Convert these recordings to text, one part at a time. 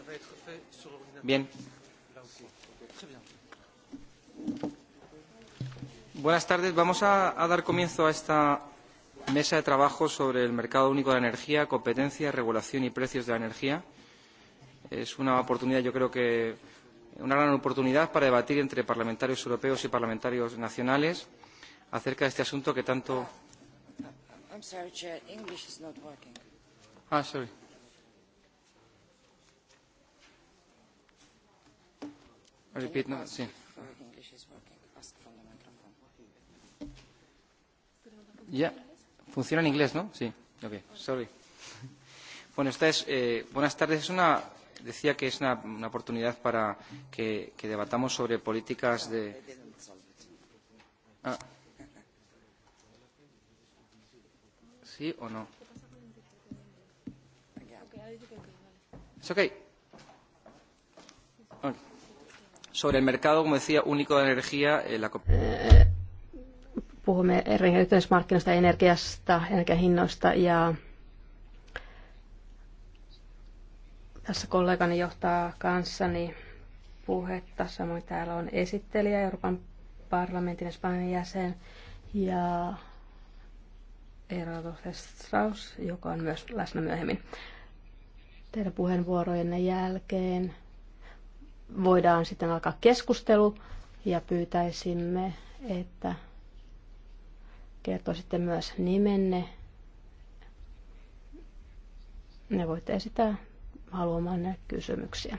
ça va être fait sur l'ordinateur. Bien. Là aussi. Très bien. Buenas tardes. Vamos a, a dar comienzo a esta mesa de trabajo sobre el mercado único de la energía, competencia, regulación y precios de la energía. Es una oportunidad, yo creo que una gran oportunidad para debatir entre parlamentarios europeos y parlamentarios nacionales acerca de este asunto que tanto. Ah, sorry. Repeat now. Sí. Ya. Funciona en inglés, ¿no? Sí. Ok, Sorry. Bueno, esta es, eh, buenas tardes. Es una, decía que es una, una oportunidad para que, que debatamos sobre políticas de. Ah. ¿Sí o no? Es ok. sobre el mercado, como decía, único de energía. Eh, la... Puhumme eri yhteismarkkinoista, energiasta, energiahinnoista ja tässä kollegani johtaa kanssani puhetta. Samoin täällä on esittelijä, Euroopan parlamentin Espanjan jäsen ja Eero Strauss, joka on myös läsnä myöhemmin. Teidän puheenvuorojenne jälkeen voidaan sitten alkaa keskustelu ja pyytäisimme, että kertoisitte myös nimenne. Ne voitte esittää haluamanne kysymyksiä.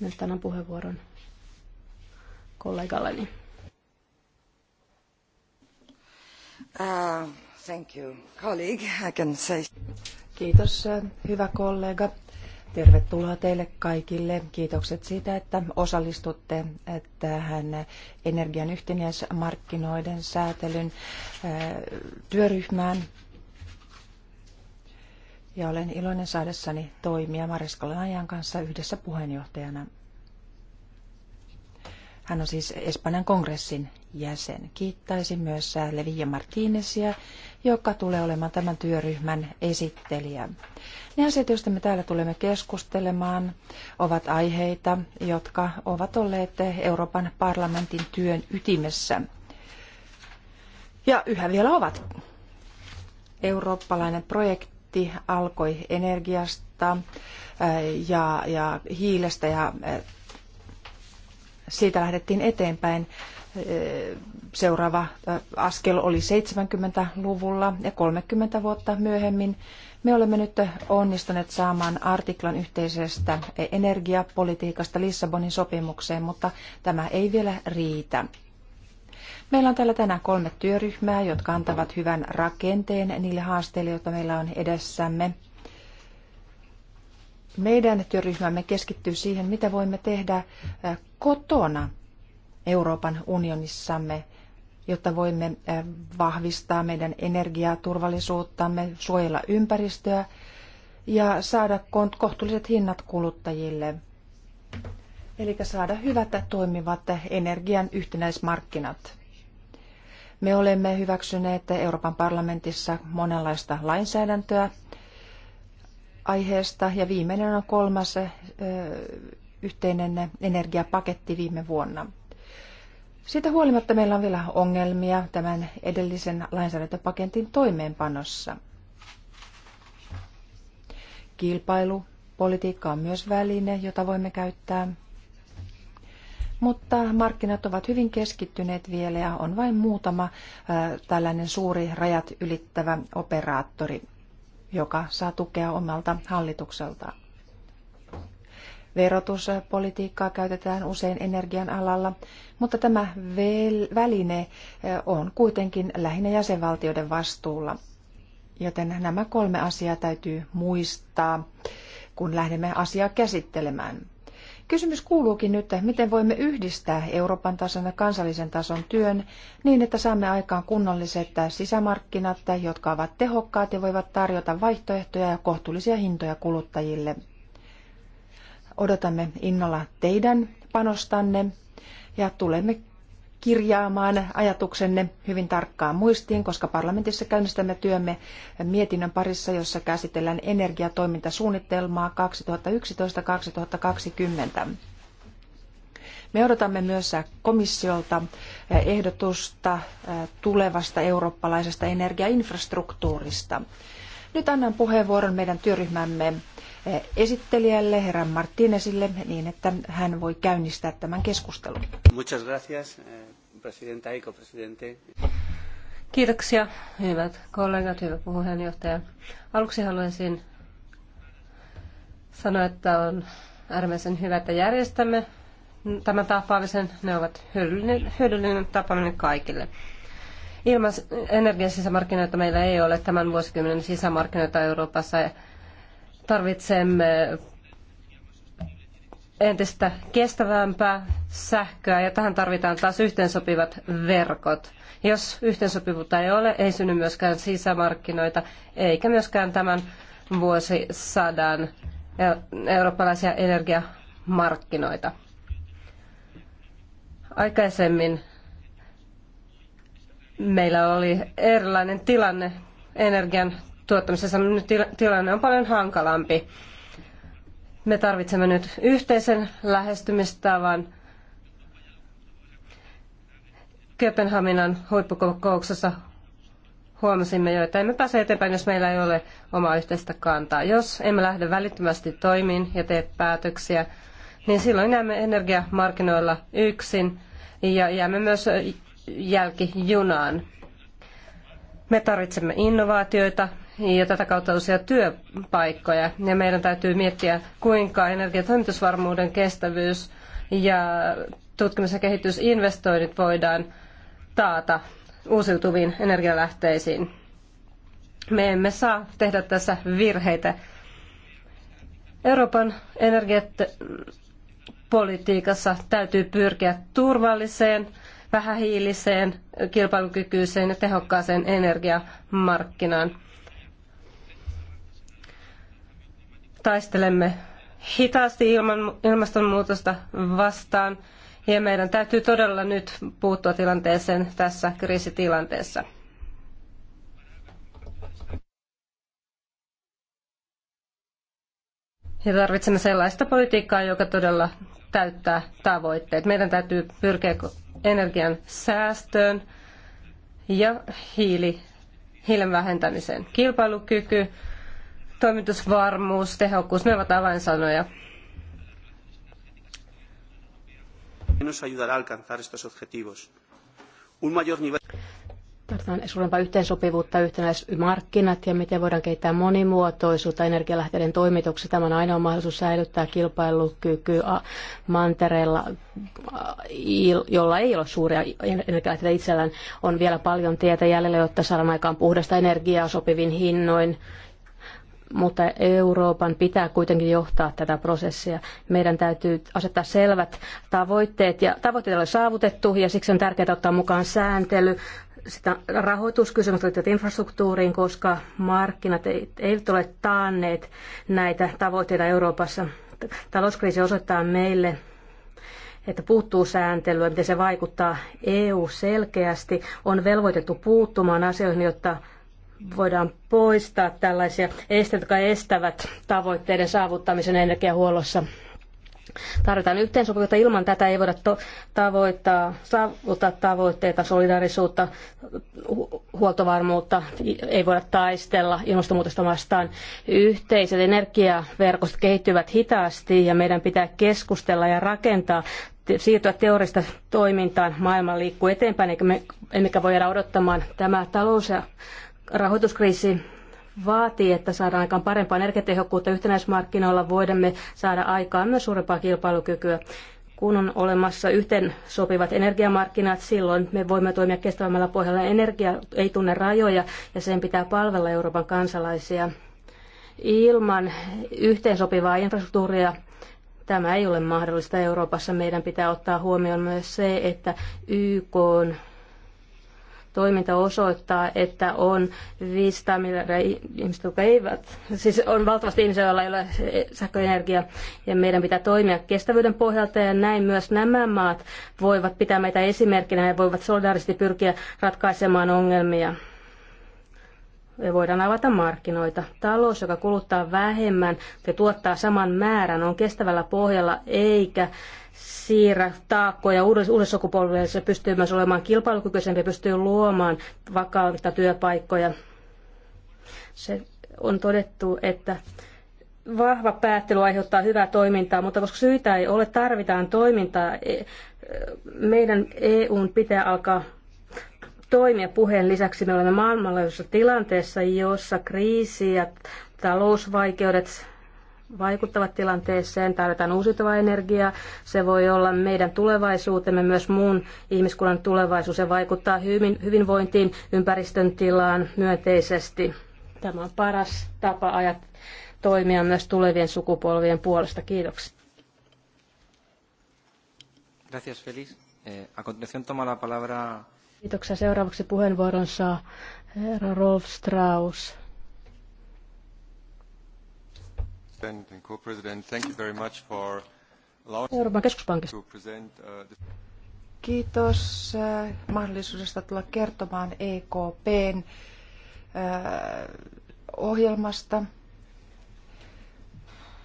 Nyt annan puheenvuoron kollegalleni. Uh, thank you, colleague. I can say... Kiitos, hyvä kollega. Tervetuloa teille kaikille. Kiitokset siitä, että osallistutte tähän energian yhtenäismarkkinoiden säätelyn äh, työryhmään. Ja olen iloinen saadessani toimia Mariska ajan kanssa yhdessä puheenjohtajana. Hän on siis Espanjan kongressin jäsen. Kiittäisin myös Levija Martinesia, joka tulee olemaan tämän työryhmän esittelijä. Ne asiat, joista me täällä tulemme keskustelemaan, ovat aiheita, jotka ovat olleet Euroopan parlamentin työn ytimessä. Ja yhä vielä ovat. Eurooppalainen projekti alkoi energiasta äh, ja, ja hiilestä ja äh, siitä lähdettiin eteenpäin seuraava äh, askel oli 70-luvulla ja 30 vuotta myöhemmin me olemme nyt onnistuneet saamaan artiklan yhteisestä energiapolitiikasta Lissabonin sopimukseen, mutta tämä ei vielä riitä. Meillä on täällä tänään kolme työryhmää, jotka antavat hyvän rakenteen niille haasteille, joita meillä on edessämme. Meidän työryhmämme keskittyy siihen, mitä voimme tehdä äh, kotona Euroopan unionissamme, jotta voimme eh, vahvistaa meidän energiaturvallisuuttamme, suojella ympäristöä ja saada kohtuulliset hinnat kuluttajille. Eli saada hyvät toimivat energian yhtenäismarkkinat. Me olemme hyväksyneet Euroopan parlamentissa monenlaista lainsäädäntöä aiheesta ja viimeinen on kolmas eh, yhteinen energiapaketti viime vuonna. Siitä huolimatta meillä on vielä ongelmia tämän edellisen lainsäädäntöpaketin toimeenpanossa. Kilpailupolitiikka on myös väline, jota voimme käyttää. Mutta markkinat ovat hyvin keskittyneet vielä ja on vain muutama ää, tällainen suuri rajat ylittävä operaattori, joka saa tukea omalta hallitukseltaan. Verotuspolitiikkaa käytetään usein energian alalla, mutta tämä väline on kuitenkin lähinnä jäsenvaltioiden vastuulla. Joten nämä kolme asiaa täytyy muistaa, kun lähdemme asiaa käsittelemään. Kysymys kuuluukin nyt, miten voimme yhdistää Euroopan tason ja kansallisen tason työn niin, että saamme aikaan kunnolliset sisämarkkinat, jotka ovat tehokkaat ja voivat tarjota vaihtoehtoja ja kohtuullisia hintoja kuluttajille. Odotamme innolla teidän panostanne ja tulemme kirjaamaan ajatuksenne hyvin tarkkaan muistiin, koska parlamentissa käynnistämme työmme mietinnön parissa, jossa käsitellään energiatoimintasuunnitelmaa 2011-2020. Me odotamme myös komissiolta ehdotusta tulevasta eurooppalaisesta energiainfrastruktuurista. Nyt annan puheenvuoron meidän työryhmämme esittelijälle, herra Martinezille, niin että hän voi käynnistää tämän keskustelun. Muchas gracias, eh, presidenta y copresidente. Kiitoksia, hyvät kollegat, hyvä puheenjohtaja. Aluksi haluaisin sanoa, että on äärimmäisen hyvä, että järjestämme tämän tapaamisen. Ne ovat hyödyllinen, hyödyllinen tapaaminen kaikille. Ilman energiasisämarkkinoita meillä ei ole tämän vuosikymmenen sisämarkkinoita Euroopassa. Tarvitsemme entistä kestävämpää sähköä ja tähän tarvitaan taas yhteensopivat verkot. Jos yhteensopivuutta ei ole, ei synny myöskään sisämarkkinoita eikä myöskään tämän vuosisadan e- eurooppalaisia energiamarkkinoita. Aikaisemmin meillä oli erilainen tilanne energian tuottamisessa tilanne on paljon hankalampi. Me tarvitsemme nyt yhteisen lähestymistavan. Kööpenhaminan huippukokouksessa huomasimme jo, että emme pääse eteenpäin, jos meillä ei ole omaa yhteistä kantaa. Jos emme lähde välittömästi toimiin ja tee päätöksiä, niin silloin jäämme energiamarkkinoilla yksin ja jäämme myös jälkijunaan. Me tarvitsemme innovaatioita, ja tätä kautta uusia työpaikkoja. Ja meidän täytyy miettiä, kuinka energiatoimitusvarmuuden kestävyys ja tutkimus- ja kehitysinvestoinnit voidaan taata uusiutuviin energialähteisiin. Me emme saa tehdä tässä virheitä. Euroopan energiapolitiikassa täytyy pyrkiä turvalliseen, vähähiiliseen, kilpailukykyiseen ja tehokkaaseen energiamarkkinaan. taistelemme hitaasti ilman, ilmastonmuutosta vastaan ja meidän täytyy todella nyt puuttua tilanteeseen tässä kriisitilanteessa. Ja tarvitsemme sellaista politiikkaa, joka todella täyttää tavoitteet. Meidän täytyy pyrkiä energian säästöön ja hiili, hiilen vähentämiseen. Kilpailukyky, toimitusvarmuus, tehokkuus, ne ovat avainsanoja. Tarvitaan suurempaa yhteensopivuutta, yhtenäismarkkinat ja miten voidaan kehittää monimuotoisuutta energialähteiden toimituksessa. Tämä on ainoa mahdollisuus säilyttää kilpailukyky mantereella, jolla ei ole suuria energialähteitä itsellään. On vielä paljon tietä jäljellä, jotta saadaan aikaan puhdasta energiaa sopivin hinnoin mutta Euroopan pitää kuitenkin johtaa tätä prosessia. Meidän täytyy asettaa selvät tavoitteet, ja tavoitteet on saavutettu, ja siksi on tärkeää ottaa mukaan sääntely, sitä rahoituskysymystä liittyvät infrastruktuuriin, koska markkinat eivät ole taanneet näitä tavoitteita Euroopassa. Talouskriisi osoittaa meille, että puuttuu sääntelyä, miten se vaikuttaa. EU selkeästi on velvoitettu puuttumaan asioihin, jotta voidaan poistaa tällaisia esteitä, jotka estävät tavoitteiden saavuttamisen energiahuollossa. Tarvitaan yhteensopivuutta. Ilman tätä ei voida tavoittaa, saavuttaa tavoitteita, solidaarisuutta, hu- huoltovarmuutta, ei voida taistella ilmastonmuutosta vastaan. Yhteiset energiaverkostot kehittyvät hitaasti ja meidän pitää keskustella ja rakentaa siirtyä teorista toimintaan. Maailma liikkuu eteenpäin, eikä me, emmekä voi jäädä odottamaan. Tämä talous- ja Rahoituskriisi vaatii, että saadaan aikaan parempaa energiatehokkuutta yhtenäismarkkinoilla, voidamme saada aikaan myös suurempaa kilpailukykyä. Kun on olemassa yhteen sopivat energiamarkkinat, silloin me voimme toimia kestävämmällä pohjalla. Energia ei tunne rajoja ja sen pitää palvella Euroopan kansalaisia. Ilman yhteensopivaa infrastruktuuria tämä ei ole mahdollista Euroopassa. Meidän pitää ottaa huomioon myös se, että YK on toiminta osoittaa, että on 500 miljardia ihmistä, jotka eivät, siis on valtavasti ihmisiä, joilla ei ole sähköenergia, ja meidän pitää toimia kestävyyden pohjalta, ja näin myös nämä maat voivat pitää meitä esimerkkinä ja voivat solidaarisesti pyrkiä ratkaisemaan ongelmia. Me voidaan avata markkinoita. Talous, joka kuluttaa vähemmän ja tuottaa saman määrän, on kestävällä pohjalla eikä siirrä taakkoja uudelle sukupolvelle, se pystyy myös olemaan kilpailukykyisempi, pystyy luomaan vakautta työpaikkoja. Se on todettu, että vahva päättely aiheuttaa hyvää toimintaa, mutta koska syitä ei ole, tarvitaan toimintaa. E, e, meidän EUn pitää alkaa toimia puheen lisäksi. Me olemme maailmanlaajuisessa tilanteessa, jossa kriisi ja talousvaikeudet vaikuttavat tilanteeseen. Tarvitaan uusiutuvaa energiaa. Se voi olla meidän tulevaisuutemme, myös muun ihmiskunnan tulevaisuus. Se vaikuttaa hyvin, hyvinvointiin, ympäristön tilaan myönteisesti. Tämä on paras tapa ajat toimia myös tulevien sukupolvien puolesta. Kiitoksia. Gracias, Feliz. Eh, a continuación toma la palabra... Kiitoksia. Seuraavaksi puheenvuoron saa herra Rolf Strauss. Euroopan keskuspankista. Uh, Kiitos äh, mahdollisuudesta tulla kertomaan EKPn äh, ohjelmasta.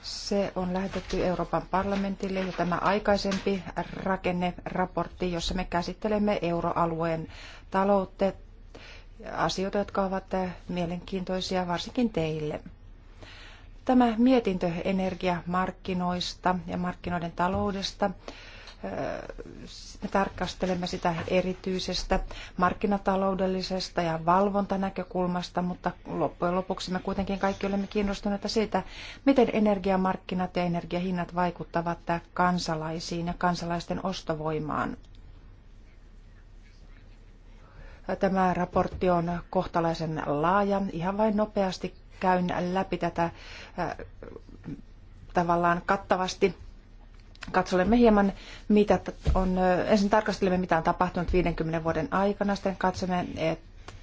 Se on lähetetty Euroopan parlamentille ja tämä aikaisempi rakenneraportti, jossa me käsittelemme euroalueen taloutta, asioita, jotka ovat äh, mielenkiintoisia varsinkin teille. Tämä mietintö energiamarkkinoista ja markkinoiden taloudesta öö, me tarkastelemme sitä erityisestä markkinataloudellisesta ja valvontanäkökulmasta, mutta loppujen lopuksi me kuitenkin kaikki olemme kiinnostuneita siitä, miten energiamarkkinat ja energiahinnat vaikuttavat kansalaisiin ja kansalaisten ostovoimaan. Tämä raportti on kohtalaisen laaja. Ihan vain nopeasti käyn läpi tätä tavallaan kattavasti. Katsolemme hieman, mitä on, ensin tarkastelemme, mitä on tapahtunut 50 vuoden aikana, sitten katsomme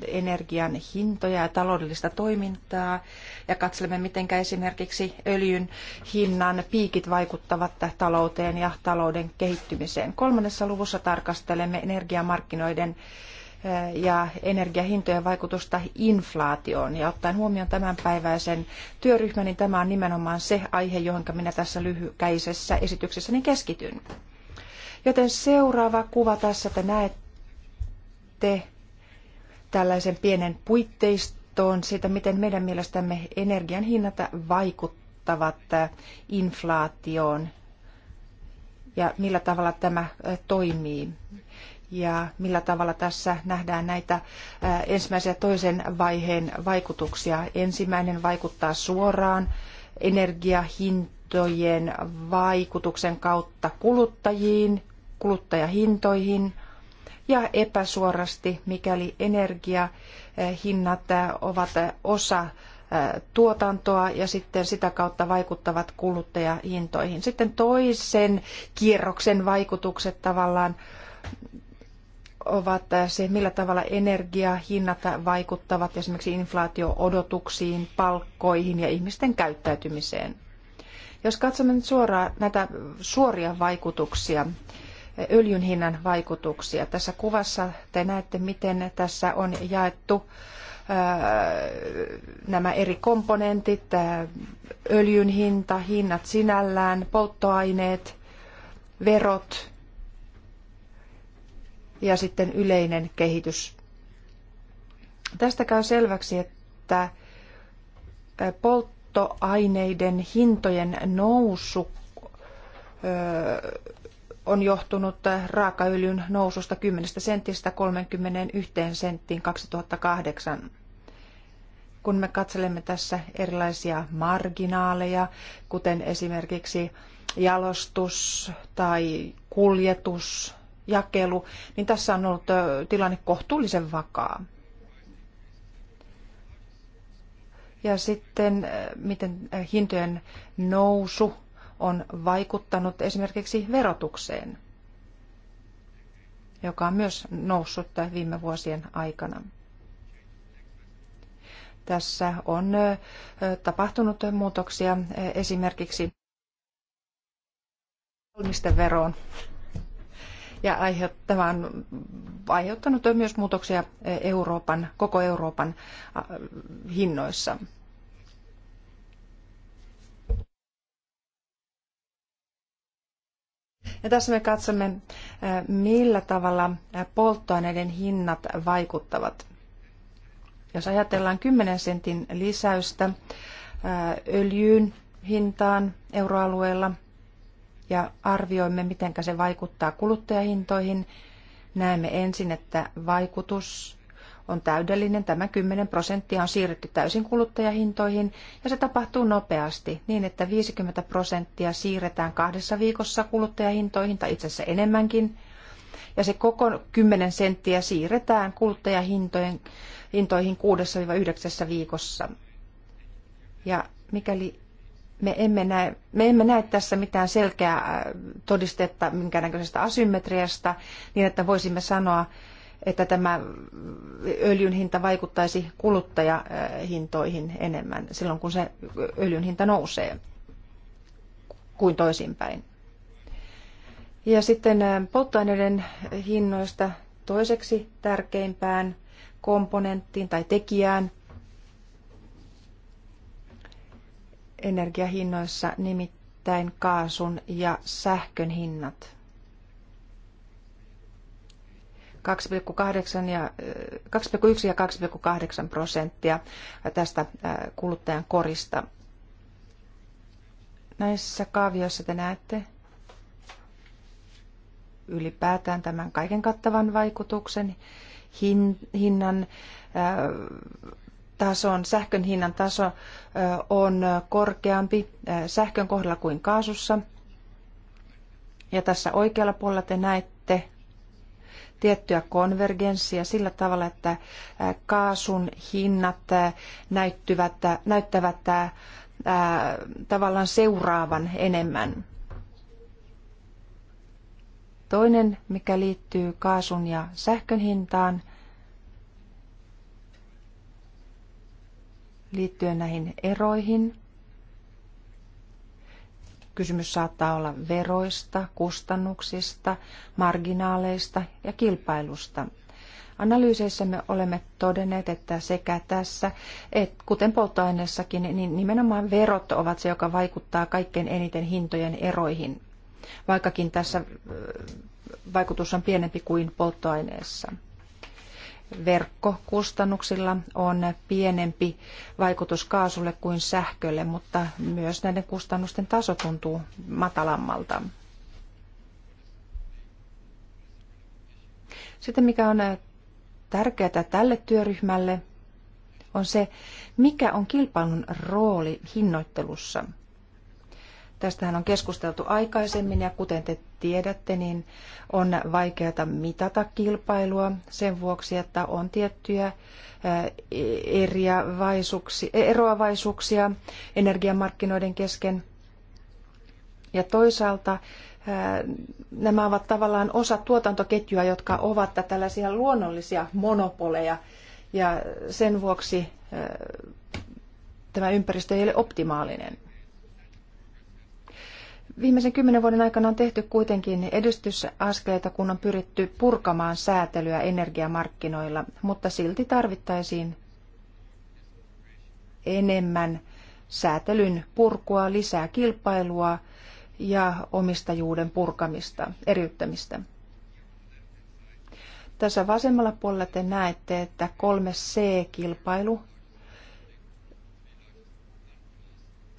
energian hintoja ja taloudellista toimintaa ja katselemme, miten esimerkiksi öljyn hinnan piikit vaikuttavat talouteen ja talouden kehittymiseen. Kolmannessa luvussa tarkastelemme energiamarkkinoiden äh, ja energiahintojen vaikutusta inflaatioon. Ja ottaen huomioon tämänpäiväisen työryhmän, niin tämä on nimenomaan se aihe, johon minä tässä lyhykäisessä esityksessäni keskityn. Joten seuraava kuva tässä te näette tällaisen pienen puitteiston siitä, miten meidän mielestämme energian hinnat vaikuttavat inflaatioon ja millä tavalla tämä toimii ja millä tavalla tässä nähdään näitä ensimmäisen ja toisen vaiheen vaikutuksia. Ensimmäinen vaikuttaa suoraan energiahintojen vaikutuksen kautta kuluttajiin, kuluttajahintoihin ja epäsuorasti, mikäli energiahinnat ovat osa tuotantoa ja sitten sitä kautta vaikuttavat kuluttajahintoihin. Sitten toisen kierroksen vaikutukset tavallaan ovat se, millä tavalla energiahinnat vaikuttavat esimerkiksi inflaatio-odotuksiin, palkkoihin ja ihmisten käyttäytymiseen. Jos katsomme nyt suoraan näitä suoria vaikutuksia, öljyn hinnan vaikutuksia. Tässä kuvassa te näette, miten tässä on jaettu äh, nämä eri komponentit, äh, öljyn hinta, hinnat sinällään, polttoaineet, verot ja sitten yleinen kehitys. Tästä käy selväksi, että polttoaineiden hintojen nousu on johtunut raakaöljyn noususta 10 sentistä 31 senttiin 2008. Kun me katselemme tässä erilaisia marginaaleja, kuten esimerkiksi jalostus tai kuljetus jakelu, niin tässä on ollut tilanne kohtuullisen vakaa. Ja sitten miten hintojen nousu on vaikuttanut esimerkiksi verotukseen, joka on myös noussut viime vuosien aikana. Tässä on tapahtunut muutoksia e, esimerkiksi valmisteveroon. veroon ja aiheuttavan, aiheuttanut myös muutoksia Euroopan, koko Euroopan hinnoissa. Ja tässä me katsomme, millä tavalla polttoaineiden hinnat vaikuttavat. Jos ajatellaan 10 sentin lisäystä öljyyn hintaan euroalueella – ja arvioimme, miten se vaikuttaa kuluttajahintoihin. Näemme ensin, että vaikutus on täydellinen. Tämä 10 prosenttia on siirretty täysin kuluttajahintoihin ja se tapahtuu nopeasti niin, että 50 prosenttia siirretään kahdessa viikossa kuluttajahintoihin tai itse asiassa enemmänkin. Ja se koko 10 senttiä siirretään kuluttajahintoihin 6-9 viikossa. Ja mikäli me emme, näe, me emme näe tässä mitään selkeää äh, todistetta minkäännäköisestä asymmetriasta, niin että voisimme sanoa, että tämä öljyn hinta vaikuttaisi kuluttajahintoihin enemmän silloin, kun se öljyn hinta nousee kuin toisinpäin. Ja sitten äh, polttoaineiden hinnoista toiseksi tärkeimpään komponenttiin tai tekijään energiahinnoissa, nimittäin kaasun ja sähkön hinnat. 2,8 ja, 2,1 ja 2,8 prosenttia tästä kuluttajan korista. Näissä kaavioissa te näette ylipäätään tämän kaiken kattavan vaikutuksen, hin, hinnan tason, sähkön hinnan taso on korkeampi sähkön kohdalla kuin kaasussa. Ja tässä oikealla puolella te näette tiettyä konvergenssia sillä tavalla, että kaasun hinnat näyttävät, näyttävät tavallaan seuraavan enemmän. Toinen, mikä liittyy kaasun ja sähkön hintaan – liittyen näihin eroihin. Kysymys saattaa olla veroista, kustannuksista, marginaaleista ja kilpailusta. Analyyseissä me olemme todenneet, että sekä tässä, että kuten polttoaineessakin, niin nimenomaan verot ovat se, joka vaikuttaa kaikkein eniten hintojen eroihin, vaikkakin tässä vaikutus on pienempi kuin polttoaineessa verkkokustannuksilla on pienempi vaikutus kaasulle kuin sähkölle, mutta myös näiden kustannusten taso tuntuu matalammalta. Sitten mikä on tärkeää tälle työryhmälle, on se, mikä on kilpailun rooli hinnoittelussa – Tästähän on keskusteltu aikaisemmin ja kuten te tiedätte, niin on vaikeata mitata kilpailua sen vuoksi, että on tiettyjä eroavaisuuksia energiamarkkinoiden kesken. Ja toisaalta nämä ovat tavallaan osa tuotantoketjua, jotka ovat tällaisia luonnollisia monopoleja ja sen vuoksi tämä ympäristö ei ole optimaalinen. Viimeisen kymmenen vuoden aikana on tehty kuitenkin edistysaskeleita, kun on pyritty purkamaan säätelyä energiamarkkinoilla, mutta silti tarvittaisiin enemmän säätelyn purkua, lisää kilpailua ja omistajuuden purkamista, eriyttämistä. Tässä vasemmalla puolella te näette, että 3C-kilpailu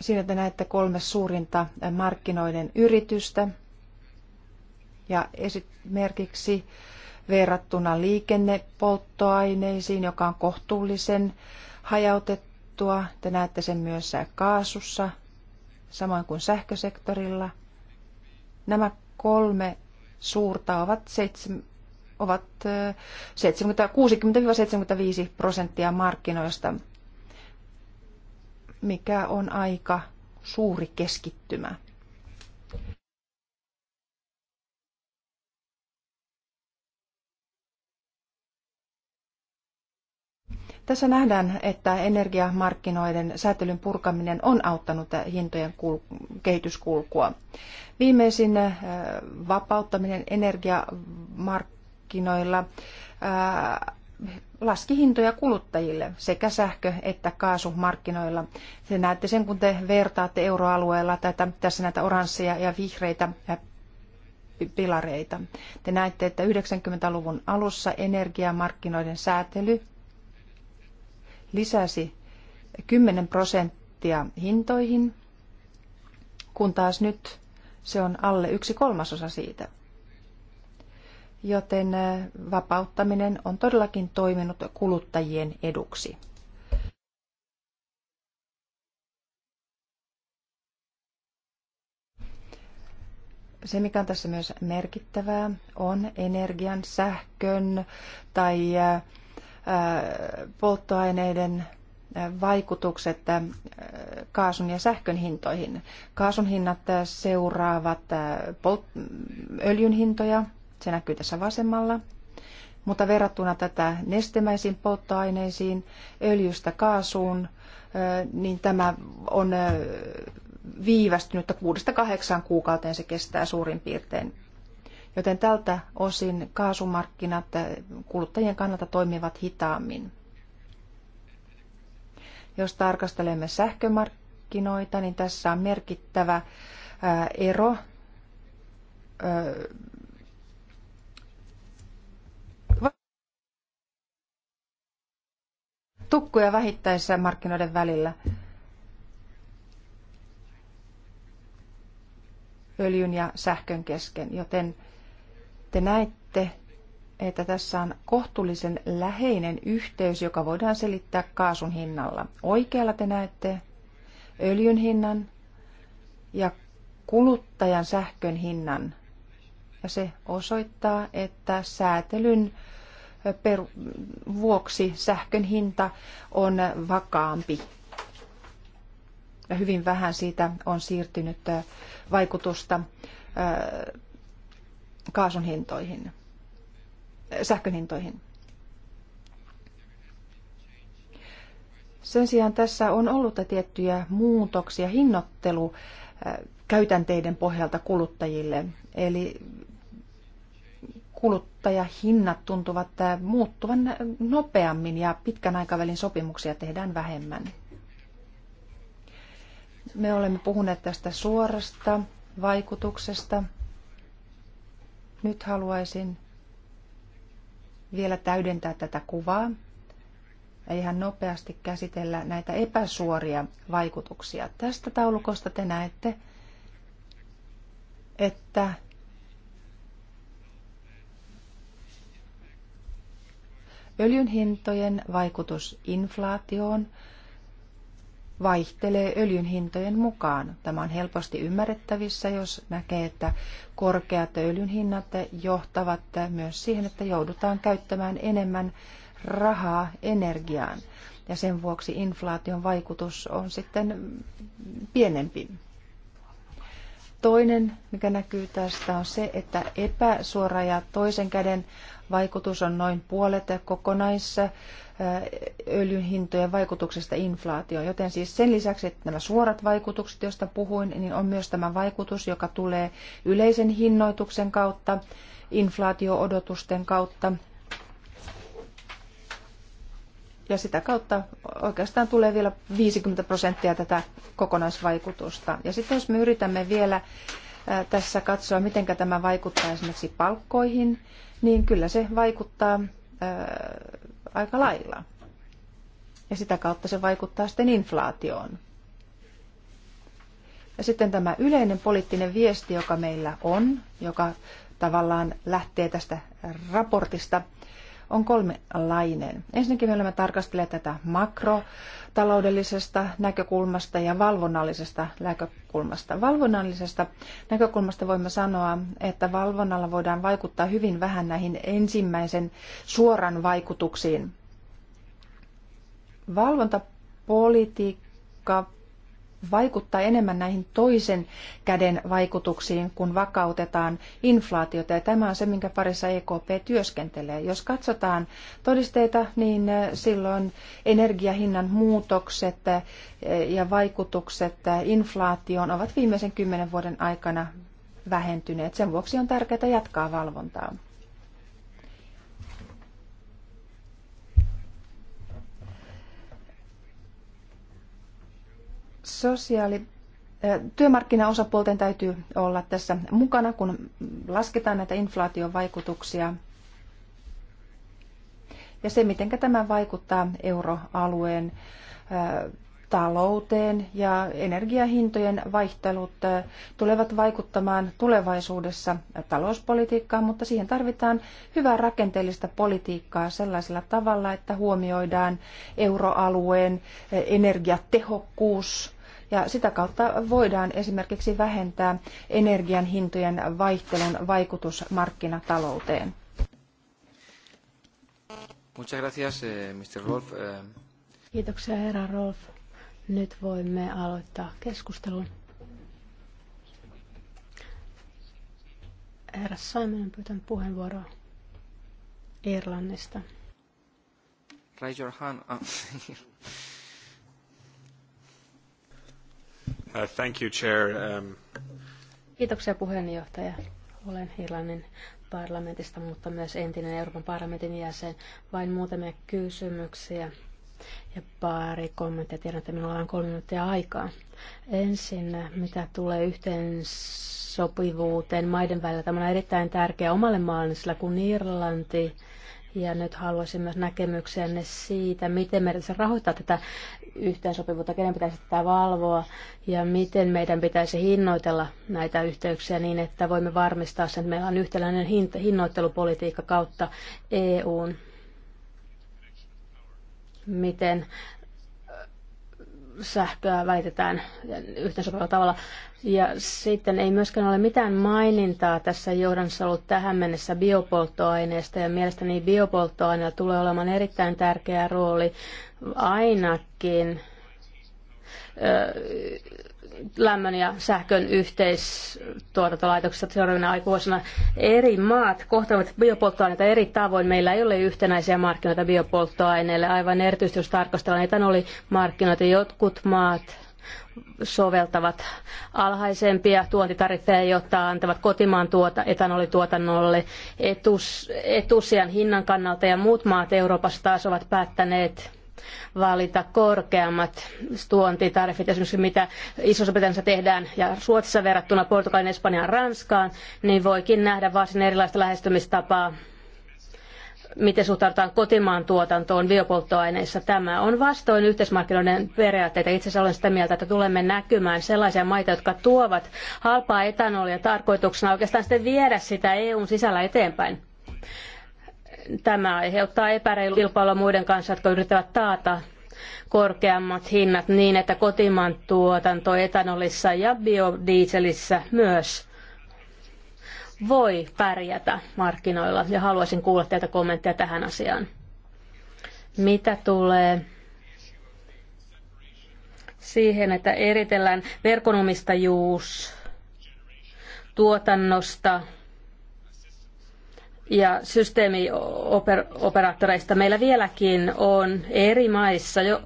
Siinä te näette kolme suurinta markkinoiden yritystä ja esimerkiksi verrattuna liikennepolttoaineisiin, joka on kohtuullisen hajautettua. Te näette sen myös kaasussa, samoin kuin sähkösektorilla. Nämä kolme suurta ovat, ovat 60-75 prosenttia markkinoista mikä on aika suuri keskittymä. Tässä nähdään, että energiamarkkinoiden säätelyn purkaminen on auttanut hintojen kehityskulkua. Viimeisin äh, vapauttaminen energiamarkkinoilla äh, laski hintoja kuluttajille sekä sähkö- että kaasumarkkinoilla. Se näette sen, kun te vertaatte euroalueella tätä, tässä näitä oransseja ja vihreitä pilareita. Te näette, että 90-luvun alussa energiamarkkinoiden säätely lisäsi 10 prosenttia hintoihin, kun taas nyt se on alle yksi kolmasosa siitä joten äh, vapauttaminen on todellakin toiminut kuluttajien eduksi. se, mikä on tässä myös merkittävää, on energian, sähkön tai äh, äh, polttoaineiden vaikutukset kaasun ja sähkön hintoihin. Kaasun hinnat seuraavat öljyn hintoja se näkyy tässä vasemmalla. Mutta verrattuna tätä nestemäisiin polttoaineisiin, öljystä kaasuun, niin tämä on viivästynyt, kuudesta kahdeksan kuukauteen se kestää suurin piirtein. Joten tältä osin kaasumarkkinat kuluttajien kannalta toimivat hitaammin. Jos tarkastelemme sähkömarkkinoita, niin tässä on merkittävä ero tukkuja vähittäisessä markkinoiden välillä. öljyn ja sähkön kesken, joten te näette, että tässä on kohtuullisen läheinen yhteys, joka voidaan selittää kaasun hinnalla. Oikealla te näette öljyn hinnan ja kuluttajan sähkön hinnan. Ja se osoittaa, että säätelyn per, vuoksi sähkön hinta on vakaampi. Ja hyvin vähän siitä on siirtynyt vaikutusta kaasun hintoihin, sähkön hintoihin. Sen sijaan tässä on ollut tiettyjä muutoksia hinnoittelu käytänteiden pohjalta kuluttajille. Eli kuluttajahinnat tuntuvat äh, muuttuvan äh, nopeammin ja pitkän aikavälin sopimuksia tehdään vähemmän. Me olemme puhuneet tästä suorasta vaikutuksesta. Nyt haluaisin vielä täydentää tätä kuvaa ja ihan nopeasti käsitellä näitä epäsuoria vaikutuksia. Tästä taulukosta te näette, että Öljyn hintojen vaikutus inflaatioon vaihtelee öljyn hintojen mukaan. Tämä on helposti ymmärrettävissä, jos näkee, että korkeat öljyn hinnat johtavat myös siihen, että joudutaan käyttämään enemmän rahaa energiaan. Ja sen vuoksi inflaation vaikutus on sitten pienempi. Toinen, mikä näkyy tästä, on se, että epäsuora ja toisen käden vaikutus on noin puolet kokonaissa öljyn hintojen vaikutuksesta inflaatioon. Joten siis sen lisäksi, että nämä suorat vaikutukset, joista puhuin, niin on myös tämä vaikutus, joka tulee yleisen hinnoituksen kautta, inflaatio-odotusten kautta ja sitä kautta oikeastaan tulee vielä 50 prosenttia tätä kokonaisvaikutusta. Ja sitten jos me yritämme vielä tässä katsoa, miten tämä vaikuttaa esimerkiksi palkkoihin, niin kyllä se vaikuttaa aika lailla. Ja sitä kautta se vaikuttaa sitten inflaatioon. Ja sitten tämä yleinen poliittinen viesti, joka meillä on, joka tavallaan lähtee tästä raportista, on lainen. Ensinnäkin me olemme tarkastelleet tätä makrotaloudellisesta näkökulmasta ja valvonnallisesta näkökulmasta. Valvonnallisesta näkökulmasta voimme sanoa, että valvonnalla voidaan vaikuttaa hyvin vähän näihin ensimmäisen suoran vaikutuksiin. Valvontapolitiikka vaikuttaa enemmän näihin toisen käden vaikutuksiin, kun vakautetaan inflaatiota. Ja tämä on se, minkä parissa EKP työskentelee. Jos katsotaan todisteita, niin silloin energiahinnan muutokset ja vaikutukset inflaatioon ovat viimeisen kymmenen vuoden aikana vähentyneet. Sen vuoksi on tärkeää jatkaa valvontaa. Sosiaali- työmarkkinaosapuolten täytyy olla tässä mukana, kun lasketaan näitä inflaatiovaikutuksia ja se, miten tämä vaikuttaa euroalueen talouteen ja energiahintojen vaihtelut tulevat vaikuttamaan tulevaisuudessa talouspolitiikkaan, mutta siihen tarvitaan hyvää rakenteellista politiikkaa sellaisella tavalla, että huomioidaan euroalueen energiatehokkuus ja sitä kautta voidaan esimerkiksi vähentää energian hintojen vaihtelun vaikutus markkinatalouteen. Muchas gracias, eh, Mr. Rolf. Eh, Kiitoksia, herra Rolf. Nyt voimme aloittaa keskustelun. Herra Simon pyytän puheenvuoroa Irlannista. Raise your hand. Ah, Uh, thank you, chair. Um... Kiitoksia puheenjohtaja. Olen Irlannin parlamentista, mutta myös entinen Euroopan parlamentin jäsen. Vain muutamia kysymyksiä ja pari kommenttia. Tiedän, että minulla on kolme minuuttia aikaa. Ensin, mitä tulee yhteen sopivuuteen maiden välillä. Tämä on erittäin tärkeä omalle maalle, sillä kun Irlanti ja nyt haluaisin myös näkemyksenne siitä, miten meidän pitäisi rahoittaa tätä yhteensopivuutta, kenen pitäisi tätä valvoa ja miten meidän pitäisi hinnoitella näitä yhteyksiä niin, että voimme varmistaa sen, että meillä on yhtäläinen hinnoittelupolitiikka kautta EUn miten sähköä välitetään yhteensopivalla tavalla. Ja sitten ei myöskään ole mitään mainintaa tässä johdannossa ollut tähän mennessä biopolttoaineesta, ja mielestäni biopolttoaineella tulee olemaan erittäin tärkeä rooli ainakin lämmön ja sähkön yhteistuotantolaitoksista seuraavina aikuisena Eri maat kohtaavat biopolttoaineita eri tavoin. Meillä ei ole yhtenäisiä markkinoita biopolttoaineille, aivan erityisesti jos tarkastellaan etanolimarkkinoita. Jotkut maat soveltavat alhaisempia tuontitariffeja, jotta antavat kotimaan tuota, etanolituotannolle etus, etusijan hinnan kannalta ja muut maat Euroopassa taas ovat päättäneet valita korkeammat tuontitariffit, esimerkiksi mitä isossa britanniassa tehdään ja Suotsissa verrattuna Portugalin, Espanjaan, Ranskaan, niin voikin nähdä varsin erilaista lähestymistapaa miten suhtaudutaan kotimaan tuotantoon biopolttoaineissa. Tämä on vastoin yhteismarkkinoiden periaatteita. Itse asiassa olen sitä mieltä, että tulemme näkymään sellaisia maita, jotka tuovat halpaa etanolia tarkoituksena oikeastaan sitten viedä sitä EUn sisällä eteenpäin. Tämä aiheuttaa epäreilua kilpailua muiden kanssa, jotka yrittävät taata korkeammat hinnat niin, että kotimaan tuotanto etanolissa ja biodieselissä myös voi pärjätä markkinoilla. Ja haluaisin kuulla teiltä kommentteja tähän asiaan. Mitä tulee siihen, että eritellään verkonomistajuus tuotannosta, ja systeemioperaattoreista. Meillä vieläkin on eri maissa jo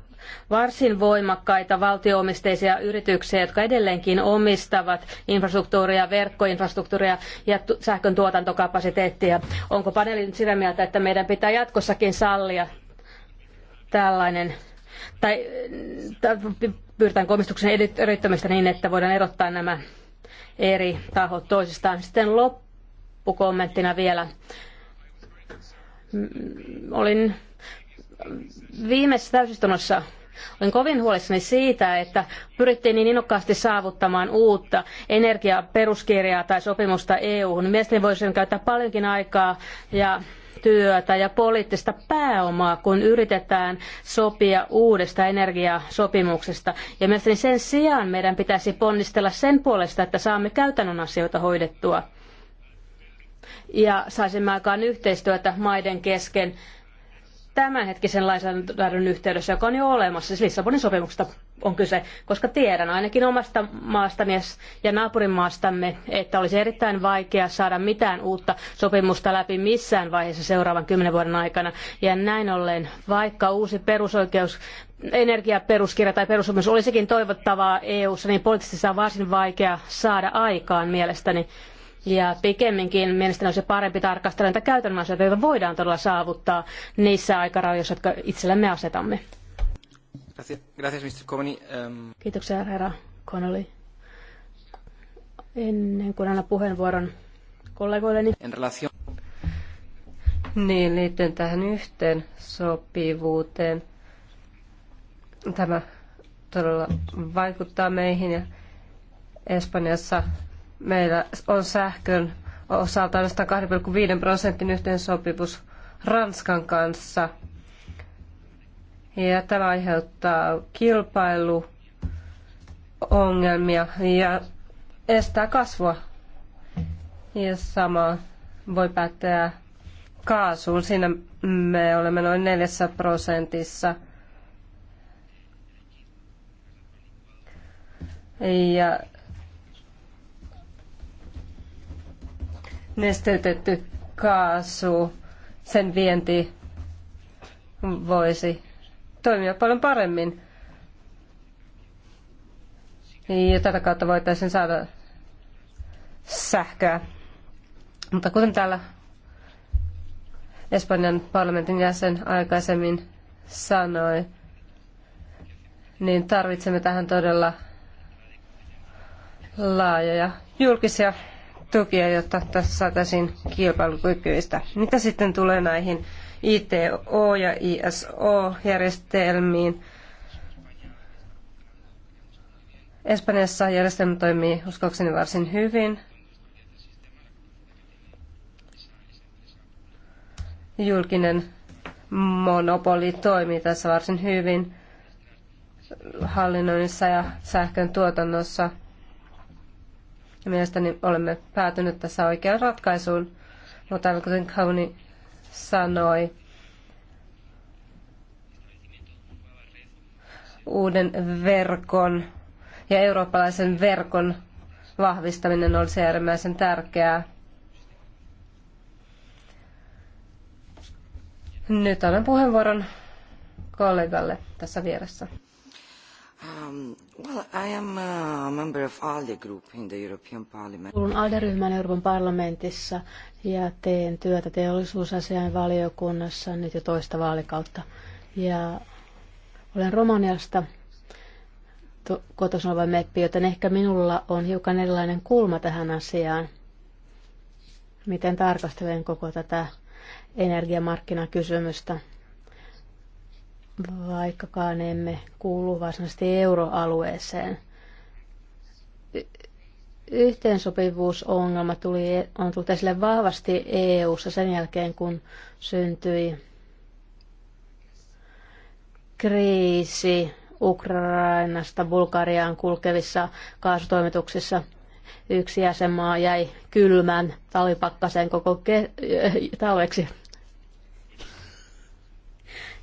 varsin voimakkaita valtioomisteisia yrityksiä, jotka edelleenkin omistavat infrastruktuuria, verkkoinfrastruktuuria ja sähkön tuotantokapasiteettia. Onko paneeli nyt sitä mieltä, että meidän pitää jatkossakin sallia tällainen, tai, tai pyritään komistuksen eriyttämistä niin, että voidaan erottaa nämä eri tahot toisistaan. Sitten loppu loppukommenttina vielä. Mm, olin viimeisessä täysistunnossa olin kovin huolissani siitä, että pyrittiin niin innokkaasti saavuttamaan uutta energiaperuskirjaa tai sopimusta EU-hun. Mielestäni voisi käyttää paljonkin aikaa ja työtä ja poliittista pääomaa, kun yritetään sopia uudesta energiasopimuksesta. Ja mielestäni sen sijaan meidän pitäisi ponnistella sen puolesta, että saamme käytännön asioita hoidettua ja saisimme aikaan yhteistyötä maiden kesken tämänhetkisen lainsäädännön yhteydessä, joka on jo olemassa, siis Lissabonin sopimuksesta on kyse, koska tiedän ainakin omasta maastani ja naapurimaastamme, että olisi erittäin vaikea saada mitään uutta sopimusta läpi missään vaiheessa seuraavan kymmenen vuoden aikana. Ja näin ollen, vaikka uusi perusoikeus, energiaperuskirja tai perussopimus olisikin toivottavaa EU-ssa, niin poliittisesti se on varsin vaikea saada aikaan mielestäni. Ja pikemminkin mielestäni olisi parempi tarkastella niitä käytännön asioita, joita voidaan todella saavuttaa niissä aikarajoissa, jotka itsellemme asetamme. Gracias, ehm, Kiitoksia, herra Connolly. Ennen kuin annan puheenvuoron kollegoilleni. En relación... Niin, liittyen tähän yhteen sopivuuteen. Tämä todella vaikuttaa meihin ja Espanjassa Meillä on sähkön osalta ainoastaan 2,5 prosentin yhteensopivuus Ranskan kanssa. Ja tämä aiheuttaa kilpailuongelmia ja estää kasvua. Ja sama voi päättää kaasuun. Siinä me olemme noin neljässä prosentissa. Ja nesteytetty kaasu, sen vienti voisi toimia paljon paremmin. Ja tätä kautta voitaisiin saada sähköä. Mutta kuten täällä Espanjan parlamentin jäsen aikaisemmin sanoi, niin tarvitsemme tähän todella laajoja julkisia tukia, jotta tässä saataisiin kilpailukykyistä. Mitä sitten tulee näihin ITO- ja ISO-järjestelmiin? Espanjassa järjestelmä toimii uskoakseni varsin hyvin. Julkinen monopoli toimii tässä varsin hyvin hallinnoinnissa ja sähkön tuotannossa – ja mielestäni olemme päätyneet tässä oikeaan ratkaisuun. Mutta aivan kuten Kauni sanoi, uuden verkon ja eurooppalaisen verkon vahvistaminen olisi äärimmäisen tärkeää. Nyt annan puheenvuoron kollegalle tässä vieressä. Kuulun ALDE-ryhmän Euroopan parlamentissa ja teen työtä teollisuusasiain valiokunnassa nyt jo toista vaalikautta. Ja olen Romaniasta kotoisin oleva meppi, joten ehkä minulla on hiukan erilainen kulma tähän asiaan. Miten tarkastelen koko tätä energiamarkkinakysymystä? vaikkakaan emme kuulu varsinaisesti euroalueeseen. Yhteensopivuusongelma tuli, on tullut esille vahvasti EU-ssa sen jälkeen, kun syntyi kriisi Ukrainasta Bulgariaan kulkevissa kaasutoimituksissa. Yksi jäsenmaa jäi kylmän talvipakkaseen koko ke- talveksi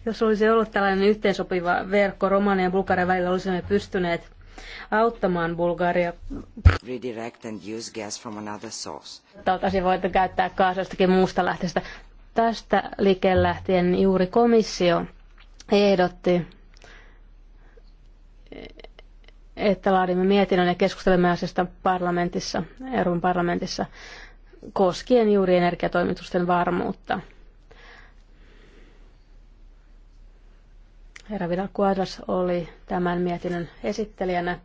jos olisi ollut tällainen yhteensopiva verkko Romanian ja Bulgaria välillä, olisimme pystyneet auttamaan Bulgaria. Redirect and use gas from another source. voitte käyttää kaasustakin muusta lähteestä. Tästä liikkeen lähtien juuri komissio ehdotti, että laadimme mietinnön ja keskustelemme asiasta parlamentissa, Euroopan parlamentissa, koskien juuri energiatoimitusten varmuutta. Herra Vidal Cuadras oli tämän mietinnön esittelijänä.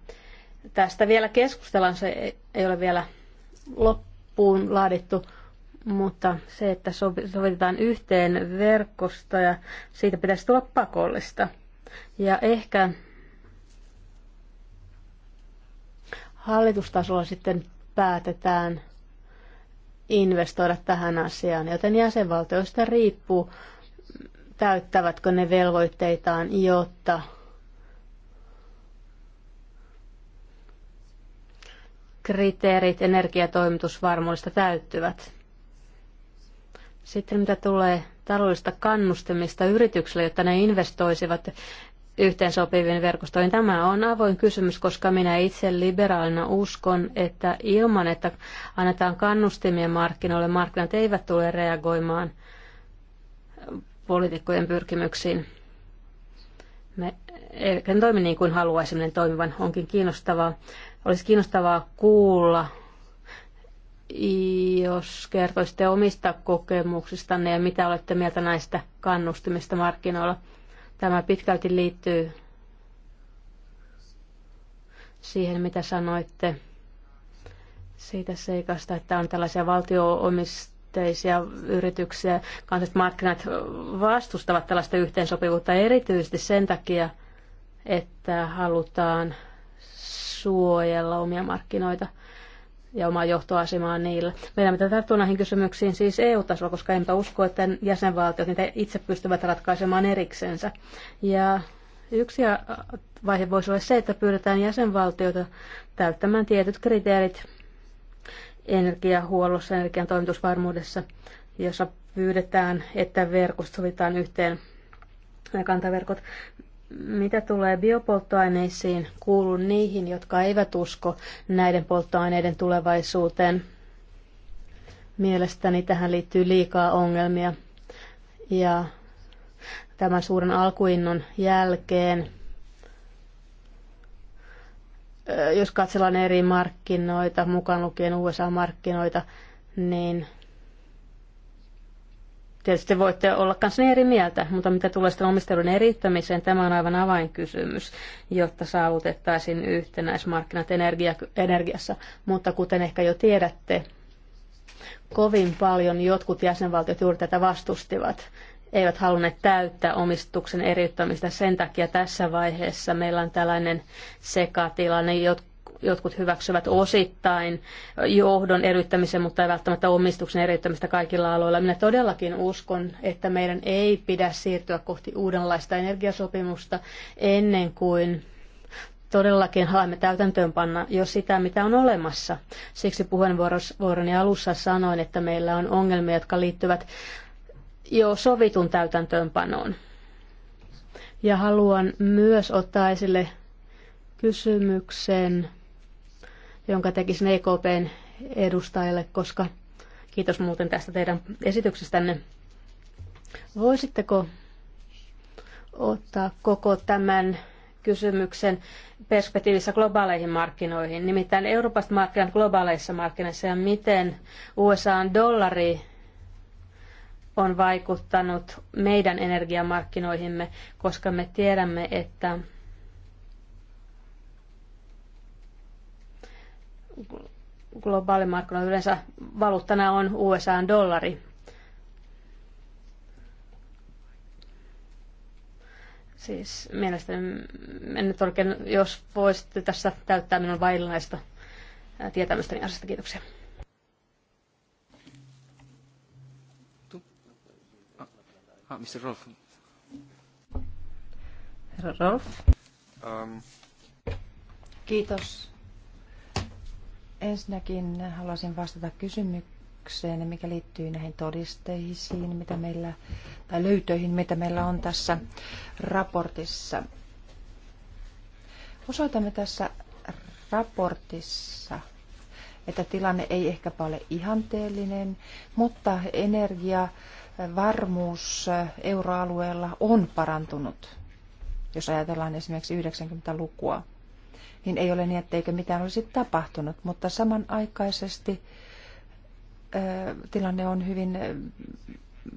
Tästä vielä keskustellaan, se ei ole vielä loppuun laadittu, mutta se, että sovitetaan yhteen verkosta ja siitä pitäisi tulla pakollista. Ja ehkä hallitustasolla sitten päätetään investoida tähän asiaan, joten jäsenvaltioista riippuu, täyttävätkö ne velvoitteitaan, jotta kriteerit energiatoimitusvarmuudesta täyttyvät. Sitten mitä tulee taloudellista kannustamista yrityksille, jotta ne investoisivat yhteensopiviin verkostoihin. Tämä on avoin kysymys, koska minä itse liberaalina uskon, että ilman, että annetaan kannustimia markkinoille, markkinat eivät tule reagoimaan – poliitikkojen pyrkimyksiin. Me ei toimi niin kuin haluaisimme toimivan. Onkin kiinnostavaa, olisi kiinnostavaa kuulla, jos kertoisitte omista kokemuksistanne ja mitä olette mieltä näistä kannustimista markkinoilla. Tämä pitkälti liittyy siihen, mitä sanoitte siitä seikasta, että on tällaisia valtio omista yhteisiä yrityksiä. Kansalliset markkinat vastustavat tällaista yhteensopivuutta erityisesti sen takia, että halutaan suojella omia markkinoita ja omaa johtoasemaa niillä. Meidän pitää tarttua näihin kysymyksiin siis EU-tasolla, koska enpä usko, että jäsenvaltiot niitä itse pystyvät ratkaisemaan eriksensä. Ja yksi vaihe voisi olla se, että pyydetään jäsenvaltioita täyttämään tietyt kriteerit energiahuollossa, energian toimitusvarmuudessa, jossa pyydetään, että verkot sovitaan yhteen, nämä kantaverkot. Mitä tulee biopolttoaineisiin, kuulun niihin, jotka eivät usko näiden polttoaineiden tulevaisuuteen. Mielestäni tähän liittyy liikaa ongelmia. Ja tämän suuren alkuinnon jälkeen jos katsellaan eri markkinoita, mukaan lukien USA-markkinoita, niin tietysti voitte olla kanssani niin eri mieltä, mutta mitä tulee sitten omistelun erittämiseen, tämä on aivan avainkysymys, jotta saavutettaisiin yhtenäismarkkinat energia, energiassa. Mutta kuten ehkä jo tiedätte, kovin paljon jotkut jäsenvaltiot juuri tätä vastustivat eivät halunneet täyttää omistuksen eriyttämistä. Sen takia tässä vaiheessa meillä on tällainen sekatilanne, jotkut hyväksyvät osittain johdon eriyttämisen, mutta ei välttämättä omistuksen eriyttämistä kaikilla aloilla. Minä todellakin uskon, että meidän ei pidä siirtyä kohti uudenlaista energiasopimusta ennen kuin todellakin haemme täytäntöönpanna jo sitä, mitä on olemassa. Siksi puheenvuoroni alussa sanoin, että meillä on ongelmia, jotka liittyvät jo sovitun täytäntöönpanoon. Ja haluan myös ottaa esille kysymyksen, jonka tekisin EKPn edustajalle, koska kiitos muuten tästä teidän esityksestänne. Voisitteko ottaa koko tämän kysymyksen perspektiivissä globaaleihin markkinoihin, nimittäin Euroopasta markkinat globaaleissa markkinoissa ja miten USAn dollari on vaikuttanut meidän energiamarkkinoihimme, koska me tiedämme, että globaali globaalimarkkinoilla yleensä valuuttana on USAn dollari. Siis mielestäni en nyt oikein, jos voisitte tässä täyttää minun vaillinaista tietämystäni asiasta. Kiitoksia. Ah, Mr. Rolf. Herra Rolf. Um. Kiitos. Ensinnäkin haluaisin vastata kysymykseen, mikä liittyy näihin todisteisiin, mitä meillä, tai löytöihin, mitä meillä on tässä raportissa. Osoitamme tässä raportissa, että tilanne ei ehkä ole ihanteellinen, mutta energia, varmuus euroalueella on parantunut, jos ajatellaan esimerkiksi 90-lukua, niin ei ole niin, etteikö mitään olisi tapahtunut, mutta samanaikaisesti tilanne on hyvin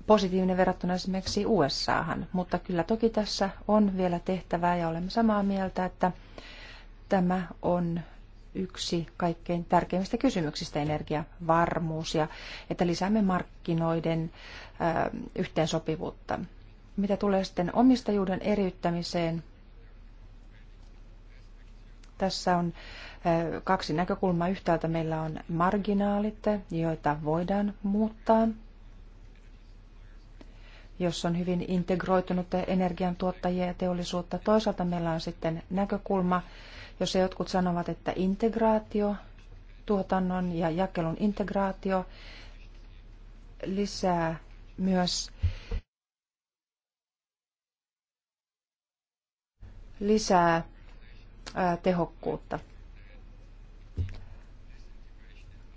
positiivinen verrattuna esimerkiksi USAhan, mutta kyllä toki tässä on vielä tehtävää ja olemme samaa mieltä, että tämä on yksi kaikkein tärkeimmistä kysymyksistä energiavarmuus ja että lisäämme markkinoiden äh, yhteensopivuutta. Mitä tulee sitten omistajuuden eriyttämiseen, tässä on äh, kaksi näkökulmaa. Yhtäältä meillä on marginaalit, joita voidaan muuttaa, jos on hyvin integroitunut energiantuottajia ja teollisuutta. Toisaalta meillä on sitten näkökulma, jossa jotkut sanovat, että integraatio, tuotannon ja jakelun integraatio lisää myös lisää ää, tehokkuutta.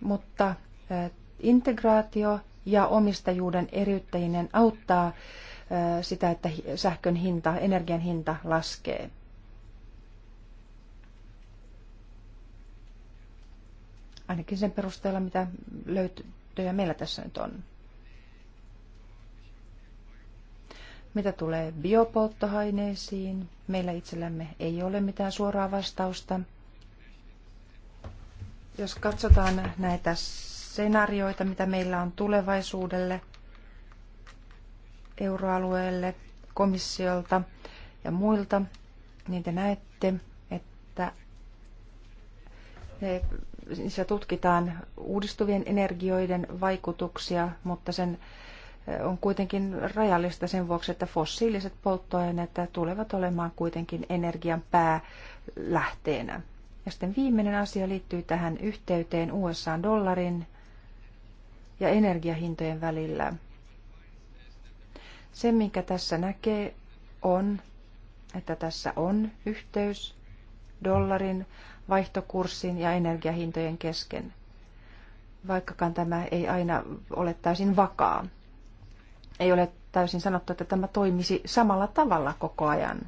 Mutta ää, integraatio ja omistajuuden eriyttäjinen auttaa sitä, että sähkön hinta, energian hinta laskee. ainakin sen perusteella, mitä löytöjä meillä tässä nyt on. Mitä tulee biopolttoaineisiin, meillä itsellämme ei ole mitään suoraa vastausta. Jos katsotaan näitä skenaarioita, mitä meillä on tulevaisuudelle, euroalueelle, komissiolta ja muilta, niin te näette, että ne niissä tutkitaan uudistuvien energioiden vaikutuksia, mutta sen eh, on kuitenkin rajallista sen vuoksi, että fossiiliset polttoaineet tulevat olemaan kuitenkin energian päälähteenä. Ja sitten viimeinen asia liittyy tähän yhteyteen USA-dollarin ja energiahintojen välillä. Se, minkä tässä näkee, on, että tässä on yhteys dollarin vaihtokurssin ja energiahintojen kesken, vaikkakaan tämä ei aina ole täysin vakaa. Ei ole täysin sanottu, että tämä toimisi samalla tavalla koko ajan.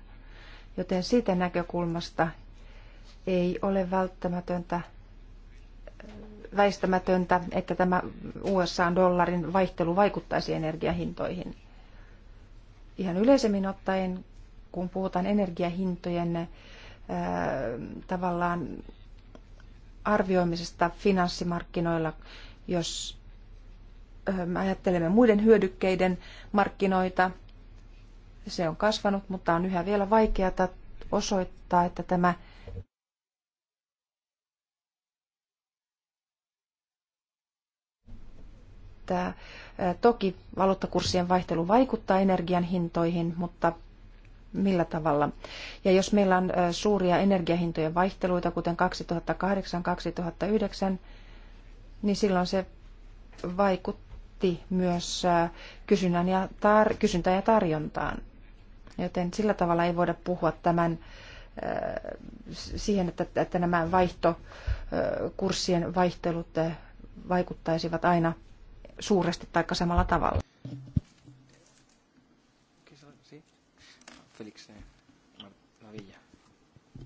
Joten siitä näkökulmasta ei ole välttämätöntä väistämätöntä, että tämä USA-dollarin vaihtelu vaikuttaisi energiahintoihin. Ihan yleisemmin ottaen, kun puhutaan energiahintojen tavallaan arvioimisesta finanssimarkkinoilla, jos me ajattelemme muiden hyödykkeiden markkinoita. Se on kasvanut, mutta on yhä vielä vaikeata osoittaa, että tämä toki valuuttakurssien vaihtelu vaikuttaa energian hintoihin, mutta millä tavalla. Ja jos meillä on suuria energiahintojen vaihteluita, kuten 2008-2009, niin silloin se vaikutti myös kysynnän ja tar- kysyntään ja tarjontaan. Joten sillä tavalla ei voida puhua tämän siihen, että, että nämä vaihto, kurssien vaihtelut vaikuttaisivat aina suuresti tai samalla tavalla. Félix eh, Lavilla.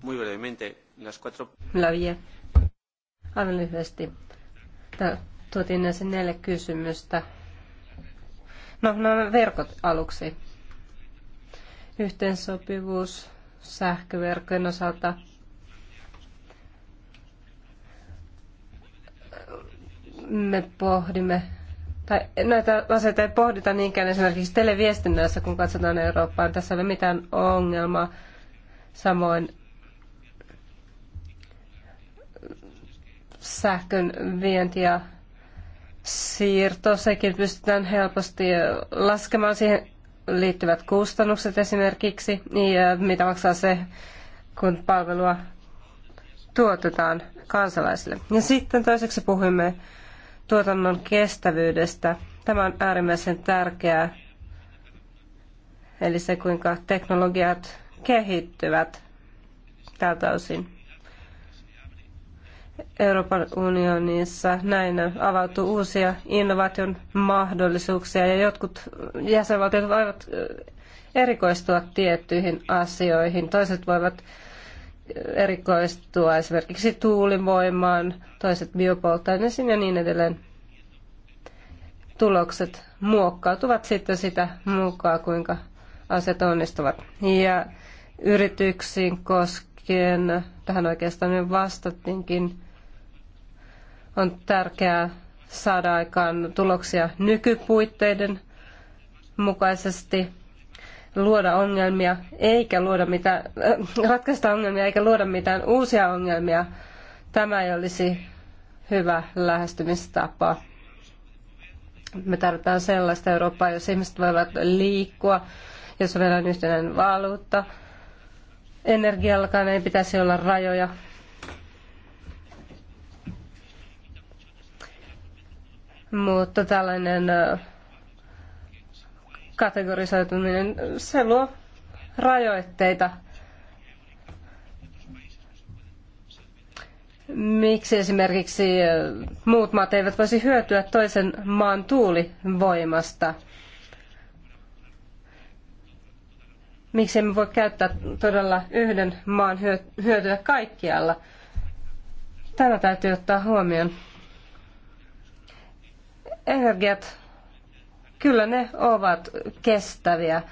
Muy brevemente, las cuatro... Lavilla. Aivan lyhyesti. Täällä tuotiin näissä neljä kysymystä. No, nämä verkot aluksi. Yhteensopivuus sähköverkkojen osalta. Me pohdimme tai näitä asioita ei pohdita niinkään esimerkiksi televiestinnässä, kun katsotaan Eurooppaan. Tässä ei ole mitään ongelmaa. Samoin sähkön vienti ja siirto, sekin pystytään helposti laskemaan siihen liittyvät kustannukset esimerkiksi, ja mitä maksaa se, kun palvelua tuotetaan kansalaisille. Ja sitten toiseksi puhuimme tuotannon kestävyydestä. Tämä on äärimmäisen tärkeää, eli se kuinka teknologiat kehittyvät tältä osin. Euroopan unionissa näin avautuu uusia innovaation mahdollisuuksia ja jotkut jäsenvaltiot voivat erikoistua tiettyihin asioihin. Toiset voivat erikoistua esimerkiksi tuulivoimaan, toiset biopolttoaineisiin ja niin edelleen. Tulokset muokkautuvat sitten sitä mukaan, kuinka asiat onnistuvat. Ja yrityksiin koskien, tähän oikeastaan jo vastattiinkin, on tärkeää saada aikaan tuloksia nykypuitteiden mukaisesti – luoda ongelmia eikä luoda mitään, äh, ratkaista ongelmia eikä luoda mitään uusia ongelmia. Tämä ei olisi hyvä lähestymistapa. Me tarvitaan sellaista Eurooppaa, jos ihmiset voivat liikkua, jos on on yhtenäinen valuutta. Energiallakaan ei pitäisi olla rajoja. Mutta tällainen äh, kategorisoituminen, se luo rajoitteita. Miksi esimerkiksi muut maat eivät voisi hyötyä toisen maan tuulivoimasta? Miksi emme voi käyttää todella yhden maan hyötyä kaikkialla? Tämä täytyy ottaa huomioon. Energiat kyllä ne ovat kestäviä,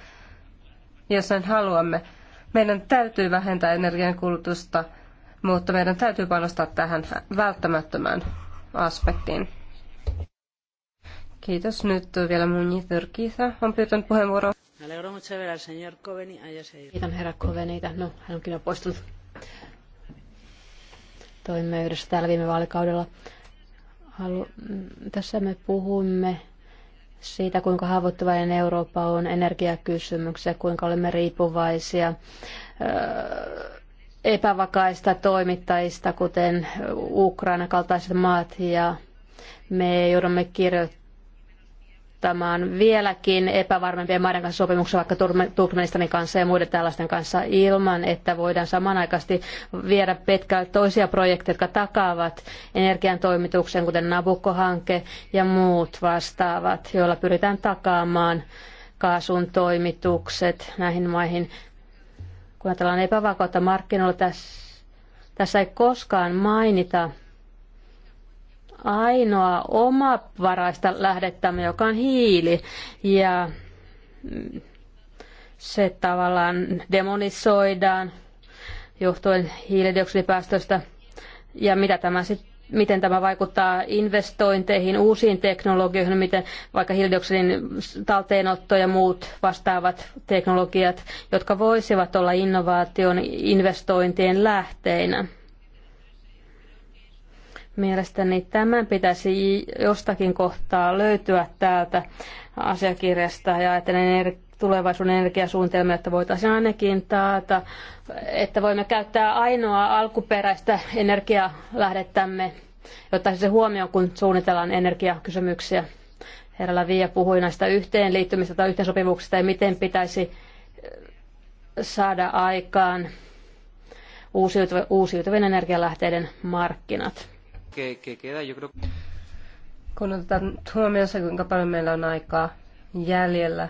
jos sen haluamme. Meidän täytyy vähentää energiankulutusta, mutta meidän täytyy panostaa tähän välttämättömään aspektiin. Kiitos. Nyt vielä Muñiz Urquiza on pyytänyt puheenvuoroa. Kiitän herra Covenita. No, hän on kyllä poistunut. Toimme yhdessä täällä viime vaalikaudella. Halu- mm, Tässä me puhumme siitä, kuinka haavoittuvainen Eurooppa on energiakysymyksiä, kuinka olemme riippuvaisia epävakaista toimittajista, kuten Ukraina kaltaiset maat, ja me joudumme kirjoittamaan saavuttamaan vieläkin epävarmempien maiden kanssa sopimuksia, vaikka Turkmenistanin kanssa ja muiden tällaisten kanssa, ilman että voidaan samanaikaisesti viedä pitkälle toisia projekteja, jotka takaavat energian toimituksen, kuten Nabucco-hanke ja muut vastaavat, joilla pyritään takaamaan kaasun toimitukset näihin maihin. Kun ajatellaan epävakautta markkinoilla, tässä, tässä ei koskaan mainita ainoa omavaraista lähdettämme, joka on hiili. Ja se tavallaan demonisoidaan johtuen hiilidioksidipäästöstä Ja mitä tämä sitten miten tämä vaikuttaa investointeihin, uusiin teknologioihin, miten vaikka hiilidioksidin talteenotto ja muut vastaavat teknologiat, jotka voisivat olla innovaation investointien lähteinä. Mielestäni tämän pitäisi jostakin kohtaa löytyä täältä asiakirjasta ja ajattelen tulevaisuuden energiasuunnitelmia, että voitaisiin ainakin taata, että voimme käyttää ainoa alkuperäistä energialähdettämme, jotta se huomioon, kun suunnitellaan energiakysymyksiä. Herra Viia puhui näistä yhteenliittymistä tai yhteensopivuuksista ja miten pitäisi saada aikaan uusiutuvien energialähteiden markkinat que, que queda, yo creo... Kun otetaan huomioon se, kuinka paljon meillä on aikaa jäljellä,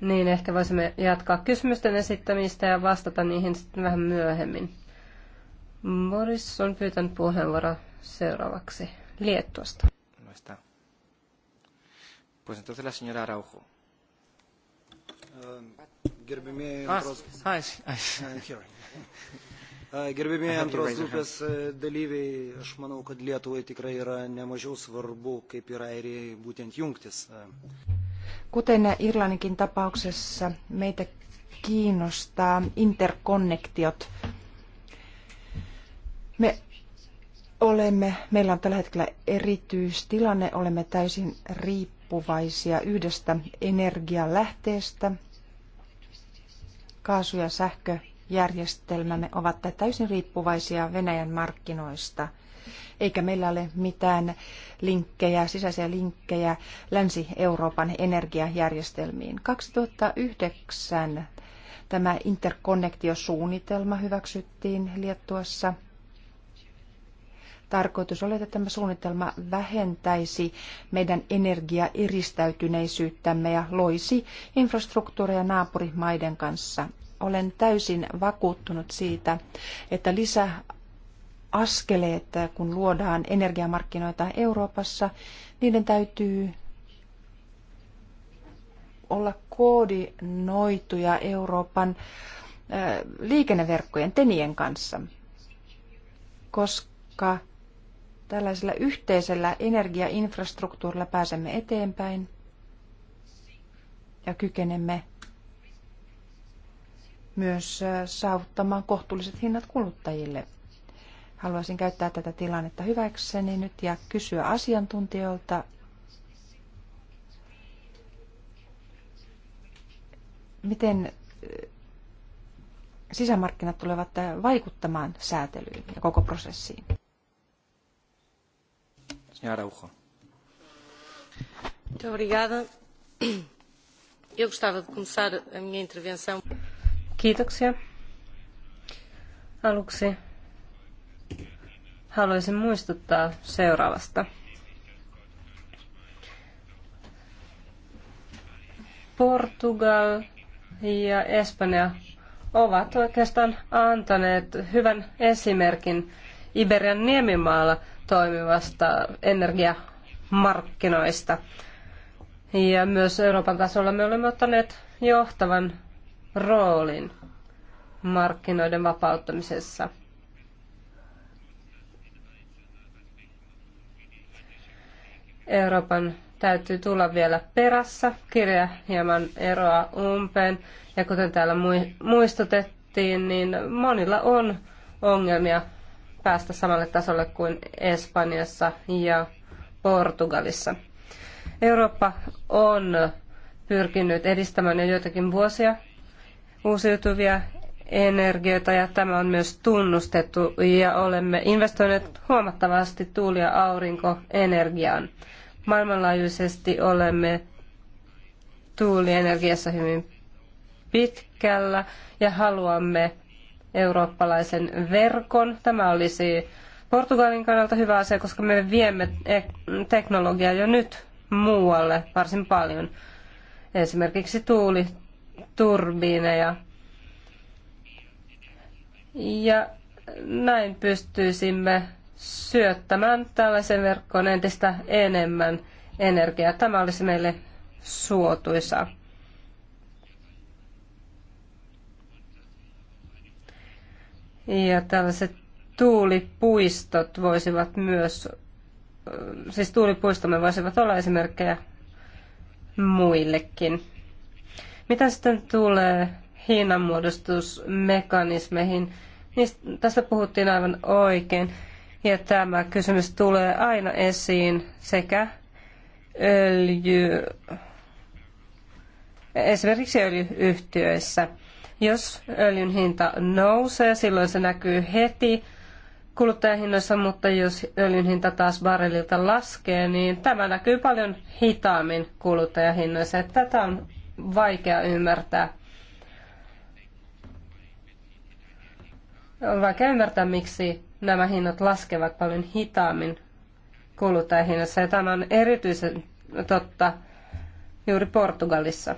niin ehkä voisimme jatkaa kysymysten esittämistä ja vastata niihin sitten vähän myöhemmin. Boris on pyytänyt puheenvuoro seuraavaksi Liettuasta. No está. Pues entonces la señora Araujo. Um, ah, ah, ah, Gerbėmėjai antros grupės e, dalyviai, aš manau, kad Lietuvai tikrai yra nemažiau svarbu, kaip ir Airijai, būtent jungtis. E. Kuten Irlanninkin tapauksessa meitä kiinnostaa interkonnektiot. Me olemme, meillä on tällä hetkellä erityistilanne, olemme täysin riippuvaisia yhdestä energialähteestä, kaasu ja sähkö järjestelmämme ovat täysin riippuvaisia Venäjän markkinoista, eikä meillä ole mitään linkkejä, sisäisiä linkkejä Länsi-Euroopan energiajärjestelmiin. 2009 tämä interkonnektiosuunnitelma hyväksyttiin Liettuassa. Tarkoitus oli, että tämä suunnitelma vähentäisi meidän energiaeristäytyneisyyttämme ja loisi infrastruktuureja naapurimaiden kanssa olen täysin vakuuttunut siitä, että lisäaskeleet, kun luodaan energiamarkkinoita Euroopassa, niiden täytyy olla koordinoituja Euroopan liikenneverkkojen tenien kanssa, koska tällaisella yhteisellä energiainfrastruktuurilla pääsemme eteenpäin ja kykenemme myös äh, saavuttamaan kohtuulliset hinnat kuluttajille. Haluaisin käyttää tätä tilannetta hyväkseni nyt ja kysyä asiantuntijoilta, miten äh, sisämarkkinat tulevat äh, vaikuttamaan säätelyyn ja koko prosessiin. Muito obrigada. Eu gostava de começar a minha intervenção Kiitoksia. Aluksi haluaisin muistuttaa seuraavasta. Portugal ja Espanja ovat oikeastaan antaneet hyvän esimerkin Iberian niemimaalla toimivasta energiamarkkinoista. Ja myös Euroopan tasolla me olemme ottaneet johtavan roolin markkinoiden vapauttamisessa. Euroopan täytyy tulla vielä perässä. Kirja hieman eroa umpeen. Ja kuten täällä muistutettiin, niin monilla on ongelmia päästä samalle tasolle kuin Espanjassa ja Portugalissa. Eurooppa on pyrkinyt edistämään jo joitakin vuosia uusiutuvia energioita ja tämä on myös tunnustettu ja olemme investoineet huomattavasti tuuli- ja aurinkoenergiaan. Maailmanlaajuisesti olemme tuulienergiassa hyvin pitkällä ja haluamme eurooppalaisen verkon. Tämä olisi Portugalin kannalta hyvä asia, koska me viemme e- teknologiaa jo nyt muualle varsin paljon. Esimerkiksi tuuli turbiineja. Ja näin pystyisimme syöttämään tällaisen verkkoon entistä enemmän energiaa. Tämä olisi meille suotuisa. Ja tällaiset tuulipuistot voisivat myös, siis tuulipuistomme voisivat olla esimerkkejä muillekin. Mitä sitten tulee hinnanmuodostusmekanismeihin? Niistä, tästä puhuttiin aivan oikein. Ja tämä kysymys tulee aina esiin sekä öljy, esimerkiksi öljyyhtiöissä. Jos öljyn hinta nousee, silloin se näkyy heti kuluttajahinnoissa, mutta jos öljyn hinta taas barrelilta laskee, niin tämä näkyy paljon hitaammin kuluttajahinnoissa. Tätä on vaikea ymmärtää. On vaikea ymmärtää, miksi nämä hinnat laskevat paljon hitaammin kuluttajahinnassa. Ja tämä on erityisen totta juuri Portugalissa.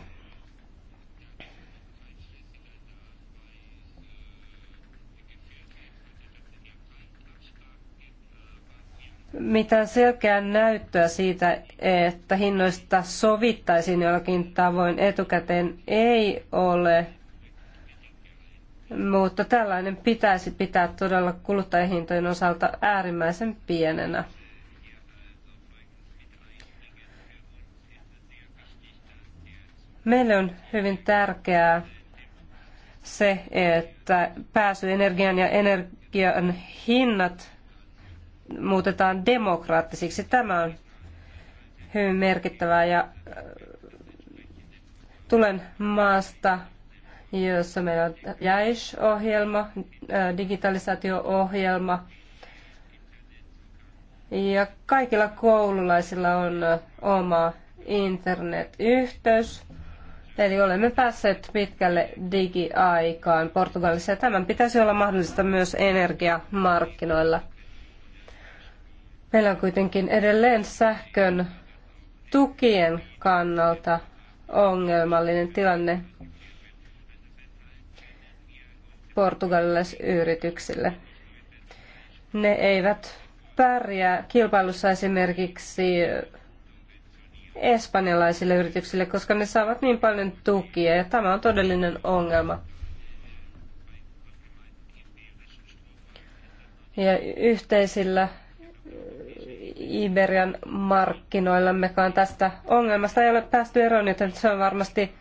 mitään selkeää näyttöä siitä, että hinnoista sovittaisiin jollakin tavoin etukäteen, ei ole. Mutta tällainen pitäisi pitää todella kuluttajahintojen osalta äärimmäisen pienenä. Meille on hyvin tärkeää se, että pääsy energian ja energian hinnat muutetaan demokraattisiksi. Tämä on hyvin merkittävää ja äh, tulen maasta, jossa meillä on JAIS-ohjelma, äh, digitalisaatio-ohjelma. Ja kaikilla koululaisilla on äh, oma internetyhteys. Eli olemme päässeet pitkälle digiaikaan Portugalissa ja tämän pitäisi olla mahdollista myös energiamarkkinoilla. Meillä on kuitenkin edelleen sähkön tukien kannalta ongelmallinen tilanne portugalilaisyrityksille. Ne eivät pärjää kilpailussa esimerkiksi espanjalaisille yrityksille, koska ne saavat niin paljon tukia ja tämä on todellinen ongelma. Ja yhteisillä Iberian markkinoillammekaan tästä ongelmasta ei ole päästy eroon, joten se on varmasti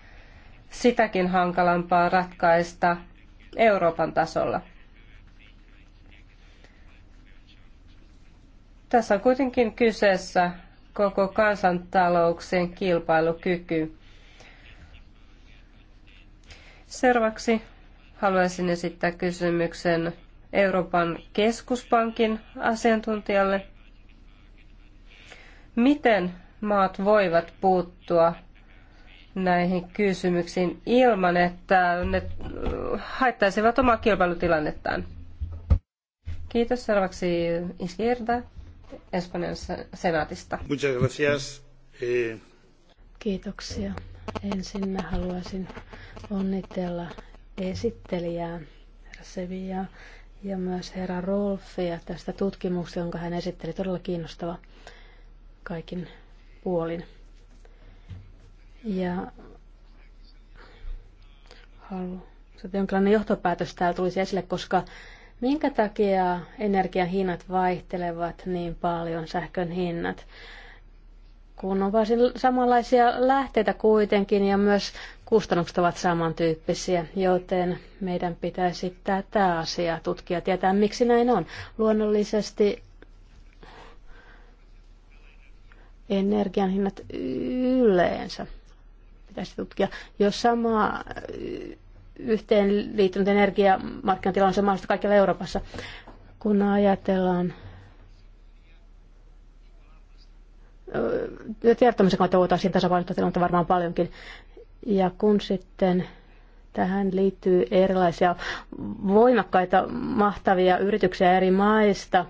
sitäkin hankalampaa ratkaista Euroopan tasolla. Tässä on kuitenkin kyseessä koko kansantalouksien kilpailukyky. Seuraavaksi haluaisin esittää kysymyksen Euroopan keskuspankin asiantuntijalle miten maat voivat puuttua näihin kysymyksiin ilman, että ne äh, haittaisivat omaa kilpailutilannettaan. Kiitos. Seuraavaksi Izquierda Espanjan senaatista. Muchas gracias. Eh, Kiitoksia. Ensin mä haluaisin onnitella esittelijää Sevilla ja myös herra Rolfia tästä tutkimuksesta, jonka hän esitteli. Todella kiinnostava kaikin puolin. Ja halu. että jonkinlainen johtopäätös täällä tulisi esille, koska minkä takia energian hinnat vaihtelevat niin paljon, sähkön hinnat? kun on varsin samanlaisia lähteitä kuitenkin ja myös kustannukset ovat samantyyppisiä, joten meidän pitäisi tätä asiaa tutkia, tietää miksi näin on. Luonnollisesti energian hinnat yleensä pitäisi tutkia. Jos sama yhteenliittynyt energiamarkkinatila on se mahdollista kaikilla Euroopassa, kun ajatellaan tiedottamisen kautta voitaisiin tasapainottaa tilannetta varmaan paljonkin. Ja kun sitten tähän liittyy erilaisia voimakkaita, mahtavia yrityksiä eri maista –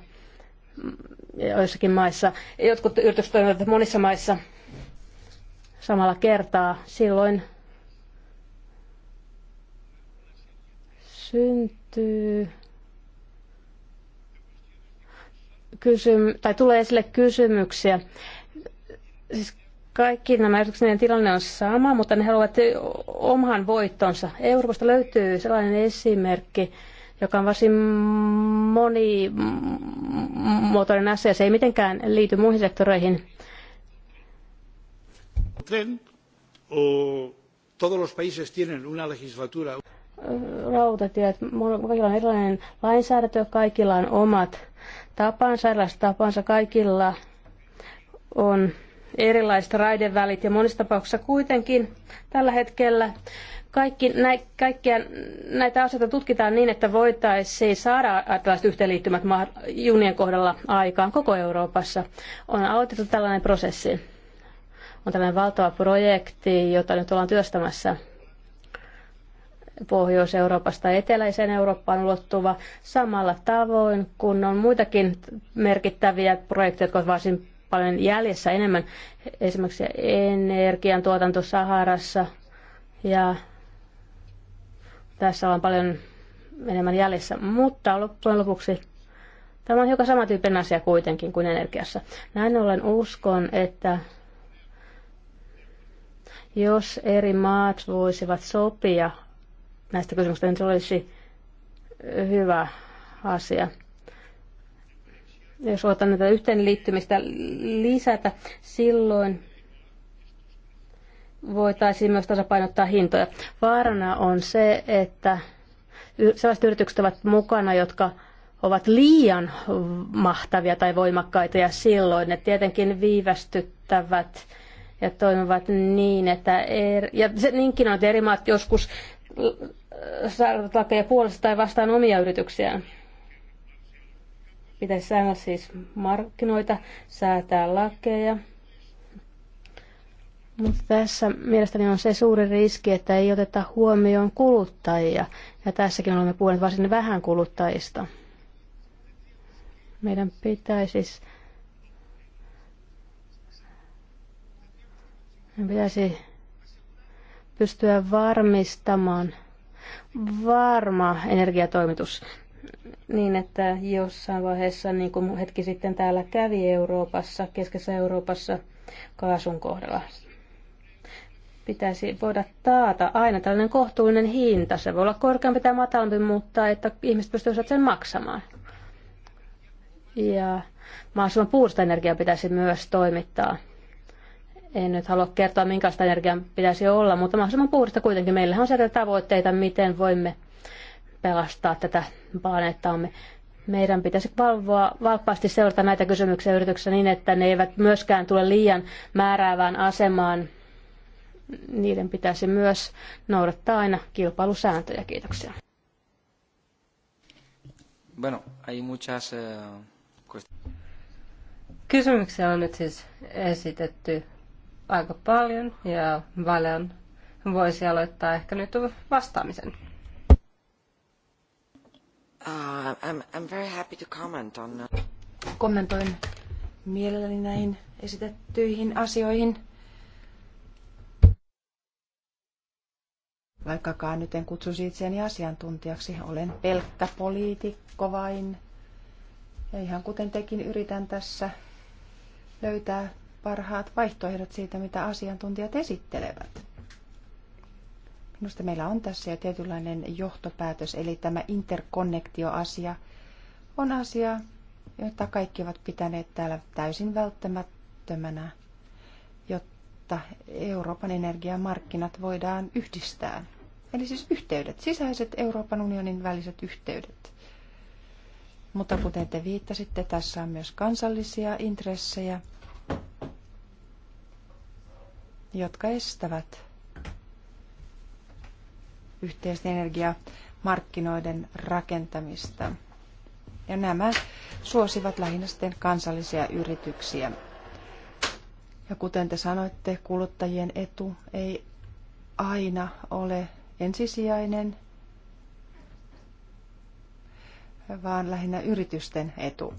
joissakin maissa. Jotkut yritykset toimivat monissa maissa samalla kertaa. Silloin syntyy kysym- tai tulee esille kysymyksiä. Siis kaikki nämä yritykset, tilanne on sama, mutta ne haluavat oman voittonsa. Euroopasta löytyy sellainen esimerkki, joka on varsin monimuotoinen asia. Se ei mitenkään liity muihin sektoreihin. Rautatiet, kaikilla on erilainen lainsäädäntö, kaikilla on omat tapansa, erilaiset tapansa, kaikilla on erilaiset raidevälit ja monissa tapauksissa kuitenkin tällä hetkellä kaikki, nä, kaikkia näitä asioita tutkitaan niin, että voitaisiin saada tällaiset yhteenliittymät junien kohdalla aikaan koko Euroopassa. On aloitettu tällainen prosessi. On tällainen valtava projekti, jota nyt ollaan työstämässä Pohjois-Euroopasta eteläiseen Eurooppaan ulottuva samalla tavoin, kun on muitakin merkittäviä projekteja, jotka ovat varsin paljon jäljessä enemmän, esimerkiksi energiantuotanto Saharassa ja tässä on paljon enemmän jäljessä, mutta loppujen lopuksi tämä on hiukan samantyyppinen asia kuitenkin kuin energiassa. Näin ollen uskon, että jos eri maat voisivat sopia näistä kysymyksistä, niin se olisi hyvä asia. Jos otan näitä yhteenliittymistä lisätä, silloin voitaisiin myös tasapainottaa hintoja. Vaarana on se, että sellaiset yritykset ovat mukana, jotka ovat liian mahtavia tai voimakkaita ja silloin ne tietenkin viivästyttävät ja toimivat niin, että er, ja se niinkin on, että eri maat joskus äh, saavat lakeja puolesta tai vastaan omia yrityksiään. Pitäisi säännä siis markkinoita, säätää lakeja, mutta tässä mielestäni on se suuri riski, että ei oteta huomioon kuluttajia. Ja tässäkin olemme puhuneet varsin vähän kuluttajista. Meidän pitäisi siis pitäisi pystyä varmistamaan varma energiatoimitus niin, että jossain vaiheessa, niin kuin hetki sitten täällä kävi Euroopassa, keskessä Euroopassa, kaasun kohdalla pitäisi voida taata aina tällainen kohtuullinen hinta. Se voi olla korkeampi tai matalampi, mutta että ihmiset pystyisivät sen maksamaan. Ja mahdollisimman puusta energiaa pitäisi myös toimittaa. En nyt halua kertoa, minkälaista energiaa pitäisi olla, mutta mahdollisimman puhdasta kuitenkin. Meillähän on sieltä tavoitteita, miten voimme pelastaa tätä planeettaamme. Meidän pitäisi valvoa, valppaasti seurata näitä kysymyksiä yrityksessä niin, että ne eivät myöskään tule liian määräävään asemaan – niiden pitäisi myös noudattaa aina kilpailusääntöjä. Kiitoksia. Bueno, hay muchas, eh, Kysymyksiä on nyt siis esitetty aika paljon ja Valen voisi aloittaa ehkä nyt vastaamisen. Uh, I'm, I'm very happy to comment on... Uh, Kommentoin mielelläni näihin esitettyihin asioihin. Vaikkakaan nyt en kutsuisi itseäni asiantuntijaksi, olen pelkkä poliitikko vain. Ja ihan kuten tekin yritän tässä löytää parhaat vaihtoehdot siitä, mitä asiantuntijat esittelevät. Minusta meillä on tässä jo tietynlainen johtopäätös, eli tämä interkonnektioasia on asia, jota kaikki ovat pitäneet täällä täysin välttämättömänä, jotta Euroopan energiamarkkinat voidaan yhdistää. Eli siis yhteydet, sisäiset Euroopan unionin väliset yhteydet. Mutta kuten te viittasitte, tässä on myös kansallisia intressejä, jotka estävät yhteisten energiamarkkinoiden rakentamista. Ja nämä suosivat lähinnä sitten kansallisia yrityksiä. Ja kuten te sanoitte, kuluttajien etu ei aina ole ensisijainen, vaan lähinnä yritysten etu.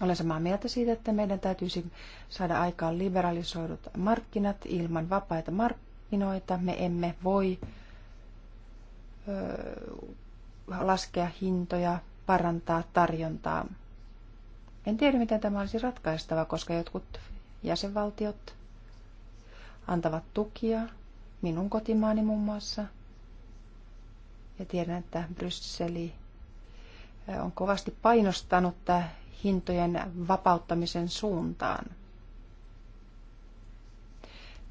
Olen samaa mieltä siitä, että meidän täytyisi saada aikaan liberalisoidut markkinat ilman vapaita markkinoita. Me emme voi laskea hintoja, parantaa tarjontaa. En tiedä, miten tämä olisi ratkaistava, koska jotkut jäsenvaltiot antavat tukia minun kotimaani muun muassa. Ja tiedän, että Brysseli on kovasti painostanut hintojen vapauttamisen suuntaan.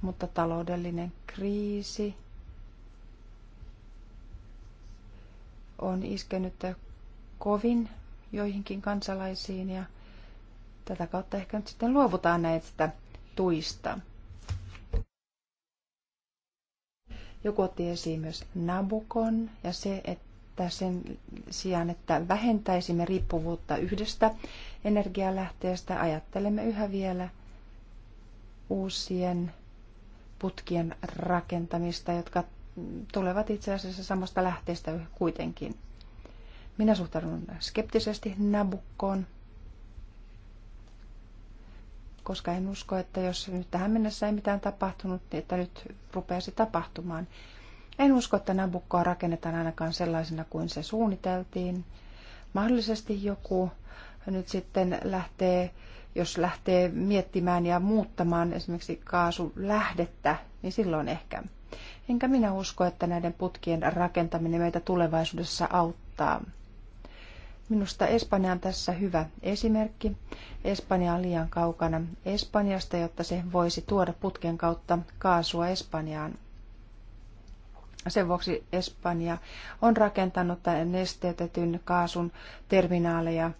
Mutta taloudellinen kriisi on iskenyt kovin joihinkin kansalaisiin ja tätä kautta ehkä nyt sitten luovutaan näistä tuista. Joku otti esiin myös Nabukon ja se, että sen sijaan, että vähentäisimme riippuvuutta yhdestä energialähteestä, ajattelemme yhä vielä uusien putkien rakentamista, jotka tulevat itse asiassa samasta lähteestä kuitenkin. Minä suhtaudun skeptisesti Nabukkoon, koska en usko, että jos nyt tähän mennessä ei mitään tapahtunut, niin että nyt rupeaisi tapahtumaan. En usko, että Nabukkoa rakennetaan ainakaan sellaisena kuin se suunniteltiin. Mahdollisesti joku nyt sitten lähtee, jos lähtee miettimään ja muuttamaan esimerkiksi kaasulähdettä, niin silloin ehkä. Enkä minä usko, että näiden putkien rakentaminen meitä tulevaisuudessa auttaa. Minusta Espanja on tässä hyvä esimerkki. Espanja on liian kaukana Espanjasta, jotta se voisi tuoda putken kautta kaasua Espanjaan. Sen vuoksi Espanja on rakentanut nesteytetyn kaasun terminaaleja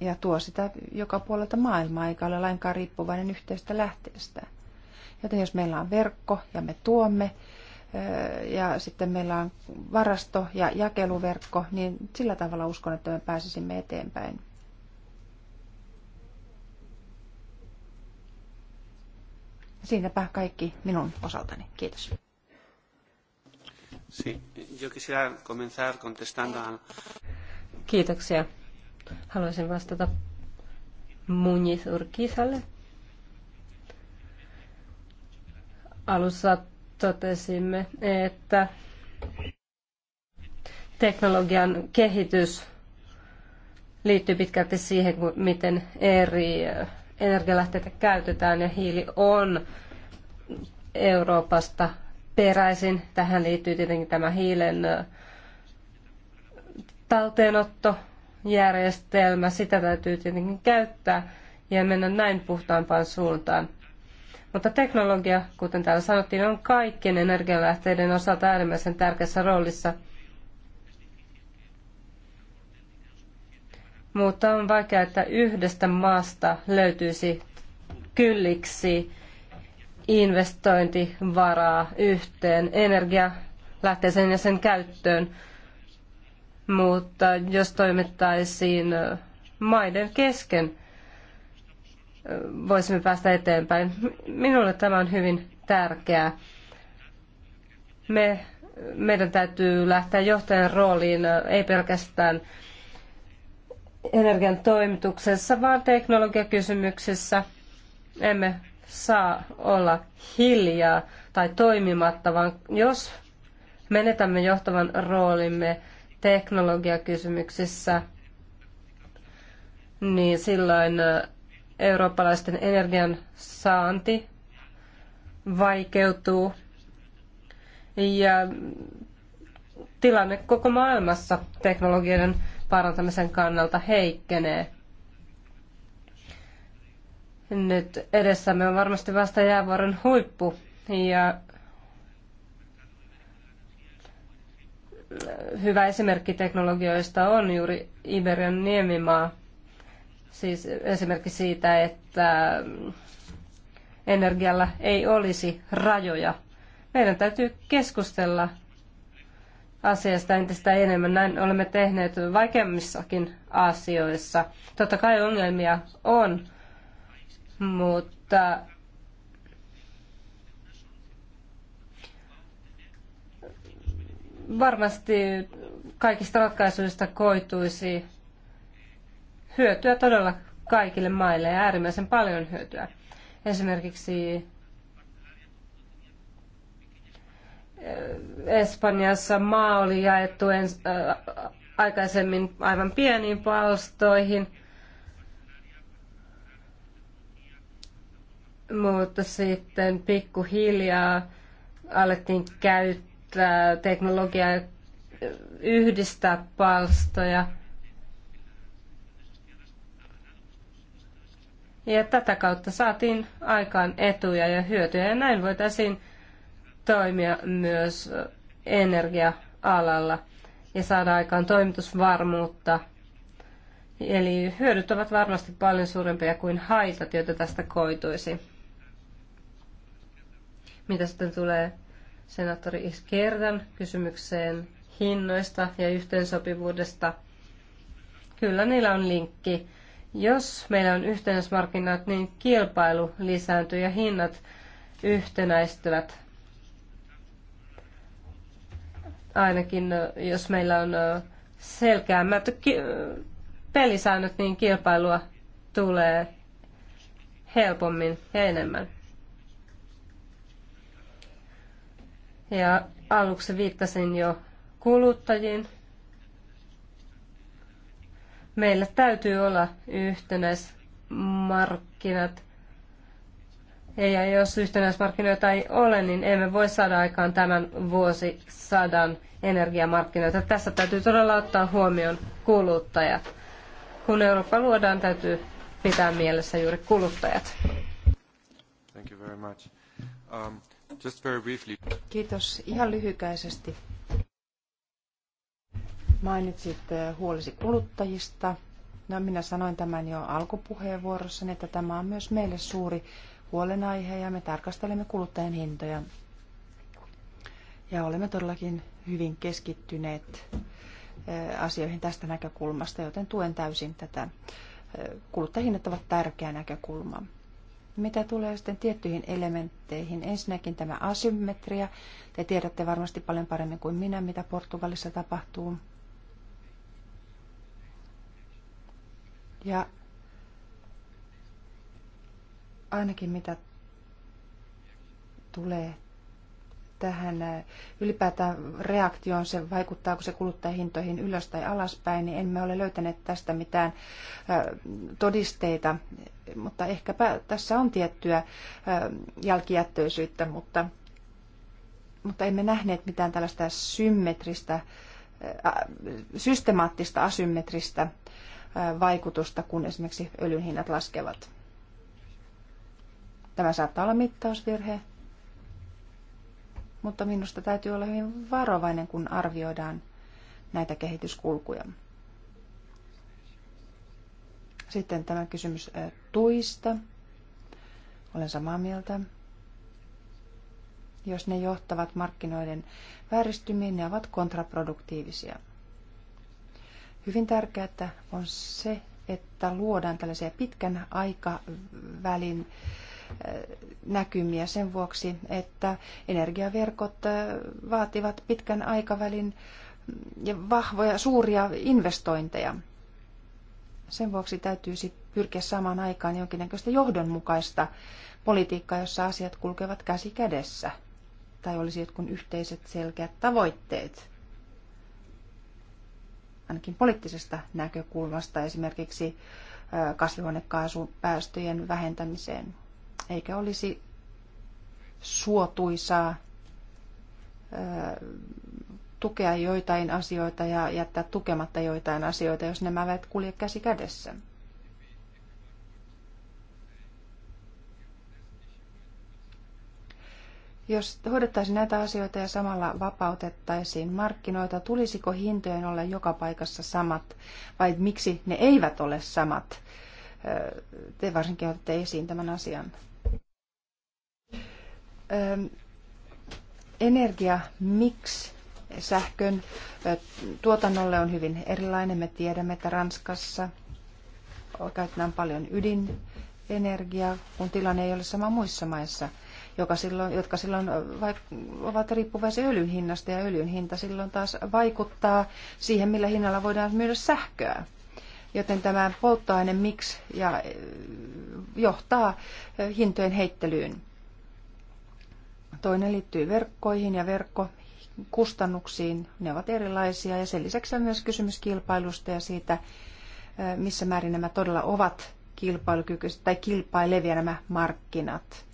ja tuo sitä joka puolelta maailmaa, eikä ole lainkaan riippuvainen yhteistä lähteestä. Joten jos meillä on verkko ja me tuomme, ja sitten meillä on varasto ja jakeluverkko, niin sillä tavalla uskon, että me pääsisimme eteenpäin. Siinäpä kaikki minun osaltani. Kiitos. Sí. Yo quisiera comenzar contestando a... Kiitoksia. Haluaisin vastata Muñiz Urquizalle. Alussa totesimme, että teknologian kehitys liittyy pitkälti siihen, miten eri eh, energialähteitä käytetään ja hiili on Euroopasta peräisin. Tähän liittyy tietenkin tämä hiilen eh, talteenottojärjestelmä. Sitä täytyy tietenkin käyttää ja mennä näin puhtaampaan suuntaan. Mutta teknologia, kuten täällä sanottiin, on kaikkien energialähteiden osalta äärimmäisen tärkeässä roolissa. Mutta on vaikea, että yhdestä maasta löytyisi kylliksi investointivaraa yhteen energialähteeseen ja sen käyttöön. Mutta jos toimittaisiin maiden kesken, voisimme päästä eteenpäin. Minulle tämä on hyvin tärkeää. Me, meidän täytyy lähteä johtajan rooliin, ei pelkästään energian toimituksessa, vaan teknologiakysymyksissä. Emme saa olla hiljaa tai toimimatta, vaan jos menetämme johtavan roolimme teknologiakysymyksissä, niin silloin eurooppalaisten energian saanti vaikeutuu ja tilanne koko maailmassa teknologian parantamisen kannalta heikkenee. Nyt edessämme on varmasti vasta jäävuoren huippu ja hyvä esimerkki teknologioista on juuri Iberian niemimaa. Siis esimerkki siitä, että energialla ei olisi rajoja. Meidän täytyy keskustella asiasta entistä enemmän. Näin olemme tehneet vaikeammissakin asioissa. Totta kai ongelmia on, mutta varmasti kaikista ratkaisuista koituisi hyötyä todella kaikille maille ja äärimmäisen paljon hyötyä. Esimerkiksi eh, Espanjassa maa oli jaettu ens, äh, aikaisemmin aivan pieniin palstoihin, mutta sitten pikkuhiljaa alettiin käyttää teknologiaa eh, yhdistää palstoja – Ja tätä kautta saatiin aikaan etuja ja hyötyjä ja näin voitaisiin toimia myös energia-alalla ja saada aikaan toimitusvarmuutta. Eli hyödyt ovat varmasti paljon suurempia kuin haitat, joita tästä koituisi. Mitä sitten tulee senaattori Iskerdan kysymykseen hinnoista ja yhteensopivuudesta? Kyllä niillä on linkki jos meillä on yhtenäismarkkinat, niin kilpailu lisääntyy ja hinnat yhtenäistyvät. Ainakin jos meillä on selkeämmät pelisäännöt, niin kilpailua tulee helpommin ja enemmän. Ja aluksi viittasin jo kuluttajiin. Meillä täytyy olla yhtenäismarkkinat. Ja jos yhtenäismarkkinoita ei ole, niin emme voi saada aikaan tämän vuosisadan energiamarkkinoita. Tässä täytyy todella ottaa huomioon kuluttajat. Kun Eurooppa luodaan, täytyy pitää mielessä juuri kuluttajat. Thank you very much. Um, just very briefly. Kiitos. Ihan lyhykäisesti Mainitsit eh, huolesi kuluttajista. No, minä sanoin tämän jo alkupuheenvuorossa, että tämä on myös meille suuri huolenaihe ja me tarkastelemme kuluttajan hintoja. Ja olemme todellakin hyvin keskittyneet eh, asioihin tästä näkökulmasta, joten tuen täysin tätä. Eh, kuluttajahinnat ovat tärkeä näkökulma. Mitä tulee sitten tiettyihin elementteihin? Ensinnäkin tämä asymmetria. Te tiedätte varmasti paljon paremmin kuin minä, mitä Portugalissa tapahtuu. Ja ainakin mitä tulee tähän äh, ylipäätään reaktioon, se vaikuttaako se kuluttajahintoihin ylös tai alaspäin, niin emme ole löytäneet tästä mitään äh, todisteita, mutta ehkäpä tässä on tiettyä äh, jälkijättöisyyttä, mutta, mutta emme nähneet mitään tällaista symmetristä, systemaattista asymmetristä vaikutusta, kun esimerkiksi öljyn hinnat laskevat. Tämä saattaa olla mittausvirhe, mutta minusta täytyy olla hyvin varovainen, kun arvioidaan näitä kehityskulkuja. Sitten tämä kysymys tuista. Olen samaa mieltä. Jos ne johtavat markkinoiden vääristymiin, ne ovat kontraproduktiivisia. Hyvin tärkeää on se, että luodaan tällaisia pitkän aikavälin eh, näkymiä sen vuoksi, että energiaverkot eh, vaativat pitkän aikavälin mm, ja vahvoja suuria investointeja. Sen vuoksi täytyy pyrkiä samaan aikaan jonkinnäköistä johdonmukaista politiikkaa, jossa asiat kulkevat käsi kädessä. Tai olisi jotkut yhteiset selkeät tavoitteet ainakin poliittisesta näkökulmasta esimerkiksi kasvihuonekaasupäästöjen vähentämiseen. Eikä olisi suotuisaa tukea joitain asioita ja jättää tukematta joitain asioita, jos nämä eivät kulje käsi kädessä. Jos hoidettaisiin näitä asioita ja samalla vapautettaisiin markkinoita, tulisiko hintojen olla joka paikassa samat vai miksi ne eivät ole samat? Te varsinkin otatte esiin tämän asian. Energia, miksi sähkön tuotannolle on hyvin erilainen. Me tiedämme, että Ranskassa käytetään paljon ydinenergiaa, kun tilanne ei ole sama muissa maissa – joka silloin, jotka silloin ovat riippuvaisia öljyn hinnasta ja öljyn hinta silloin taas vaikuttaa siihen, millä hinnalla voidaan myydä sähköä. Joten tämä polttoaine miksi ja johtaa hintojen heittelyyn. Toinen liittyy verkkoihin ja verkko kustannuksiin. Ne ovat erilaisia ja sen lisäksi on myös kysymys kilpailusta ja siitä, missä määrin nämä todella ovat kilpailukykyiset tai kilpailevia nämä markkinat.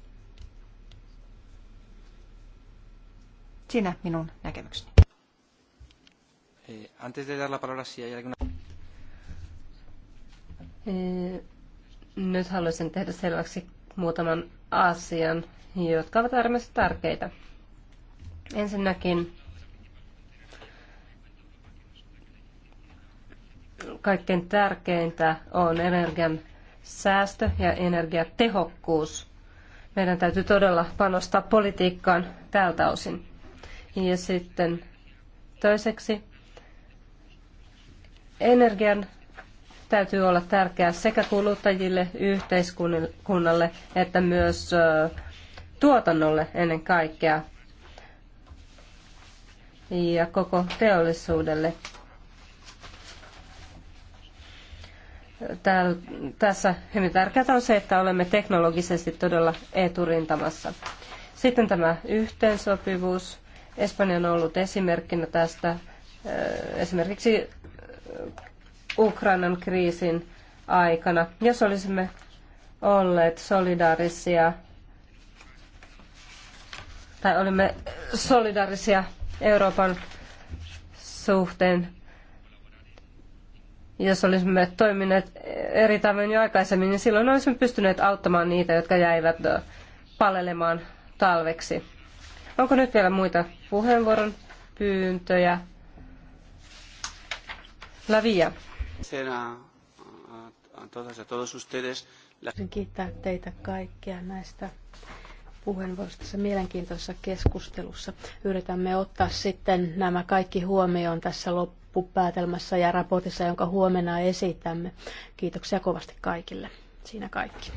Siinä minun näkemykseni. Eh, antes de dar la palabra, si hay alguna... Eh, nyt haluaisin tehdä selväksi muutaman asian, jotka ovat äärimmäisen tärkeitä. Ensinnäkin kaikkein tärkeintä on energian säästö ja energiatehokkuus. Meidän täytyy todella panostaa politiikkaan tältä osin. Ja sitten toiseksi energian täytyy olla tärkeää sekä kuluttajille, yhteiskunnalle että myös tuotannolle ennen kaikkea ja koko teollisuudelle. Täällä, tässä hyvin tärkeää on se, että olemme teknologisesti todella eturintamassa. Sitten tämä yhteensopivuus. Espanja on ollut esimerkkinä tästä äh, esimerkiksi äh, Ukrainan kriisin aikana. Jos olisimme olleet solidaarisia tai olimme solidaarisia Euroopan suhteen, jos olisimme toimineet eri tavoin jo aikaisemmin, niin silloin olisimme pystyneet auttamaan niitä, jotka jäivät palelemaan talveksi. Onko nyt vielä muita puheenvuoron pyyntöjä? Lavia. Haluaisin kiittää teitä kaikkia näistä puheenvuorosta tässä mielenkiintoisessa keskustelussa. Yritämme ottaa sitten nämä kaikki huomioon tässä loppupäätelmässä ja raportissa, jonka huomenna esitämme. Kiitoksia kovasti kaikille. Siinä kaikki.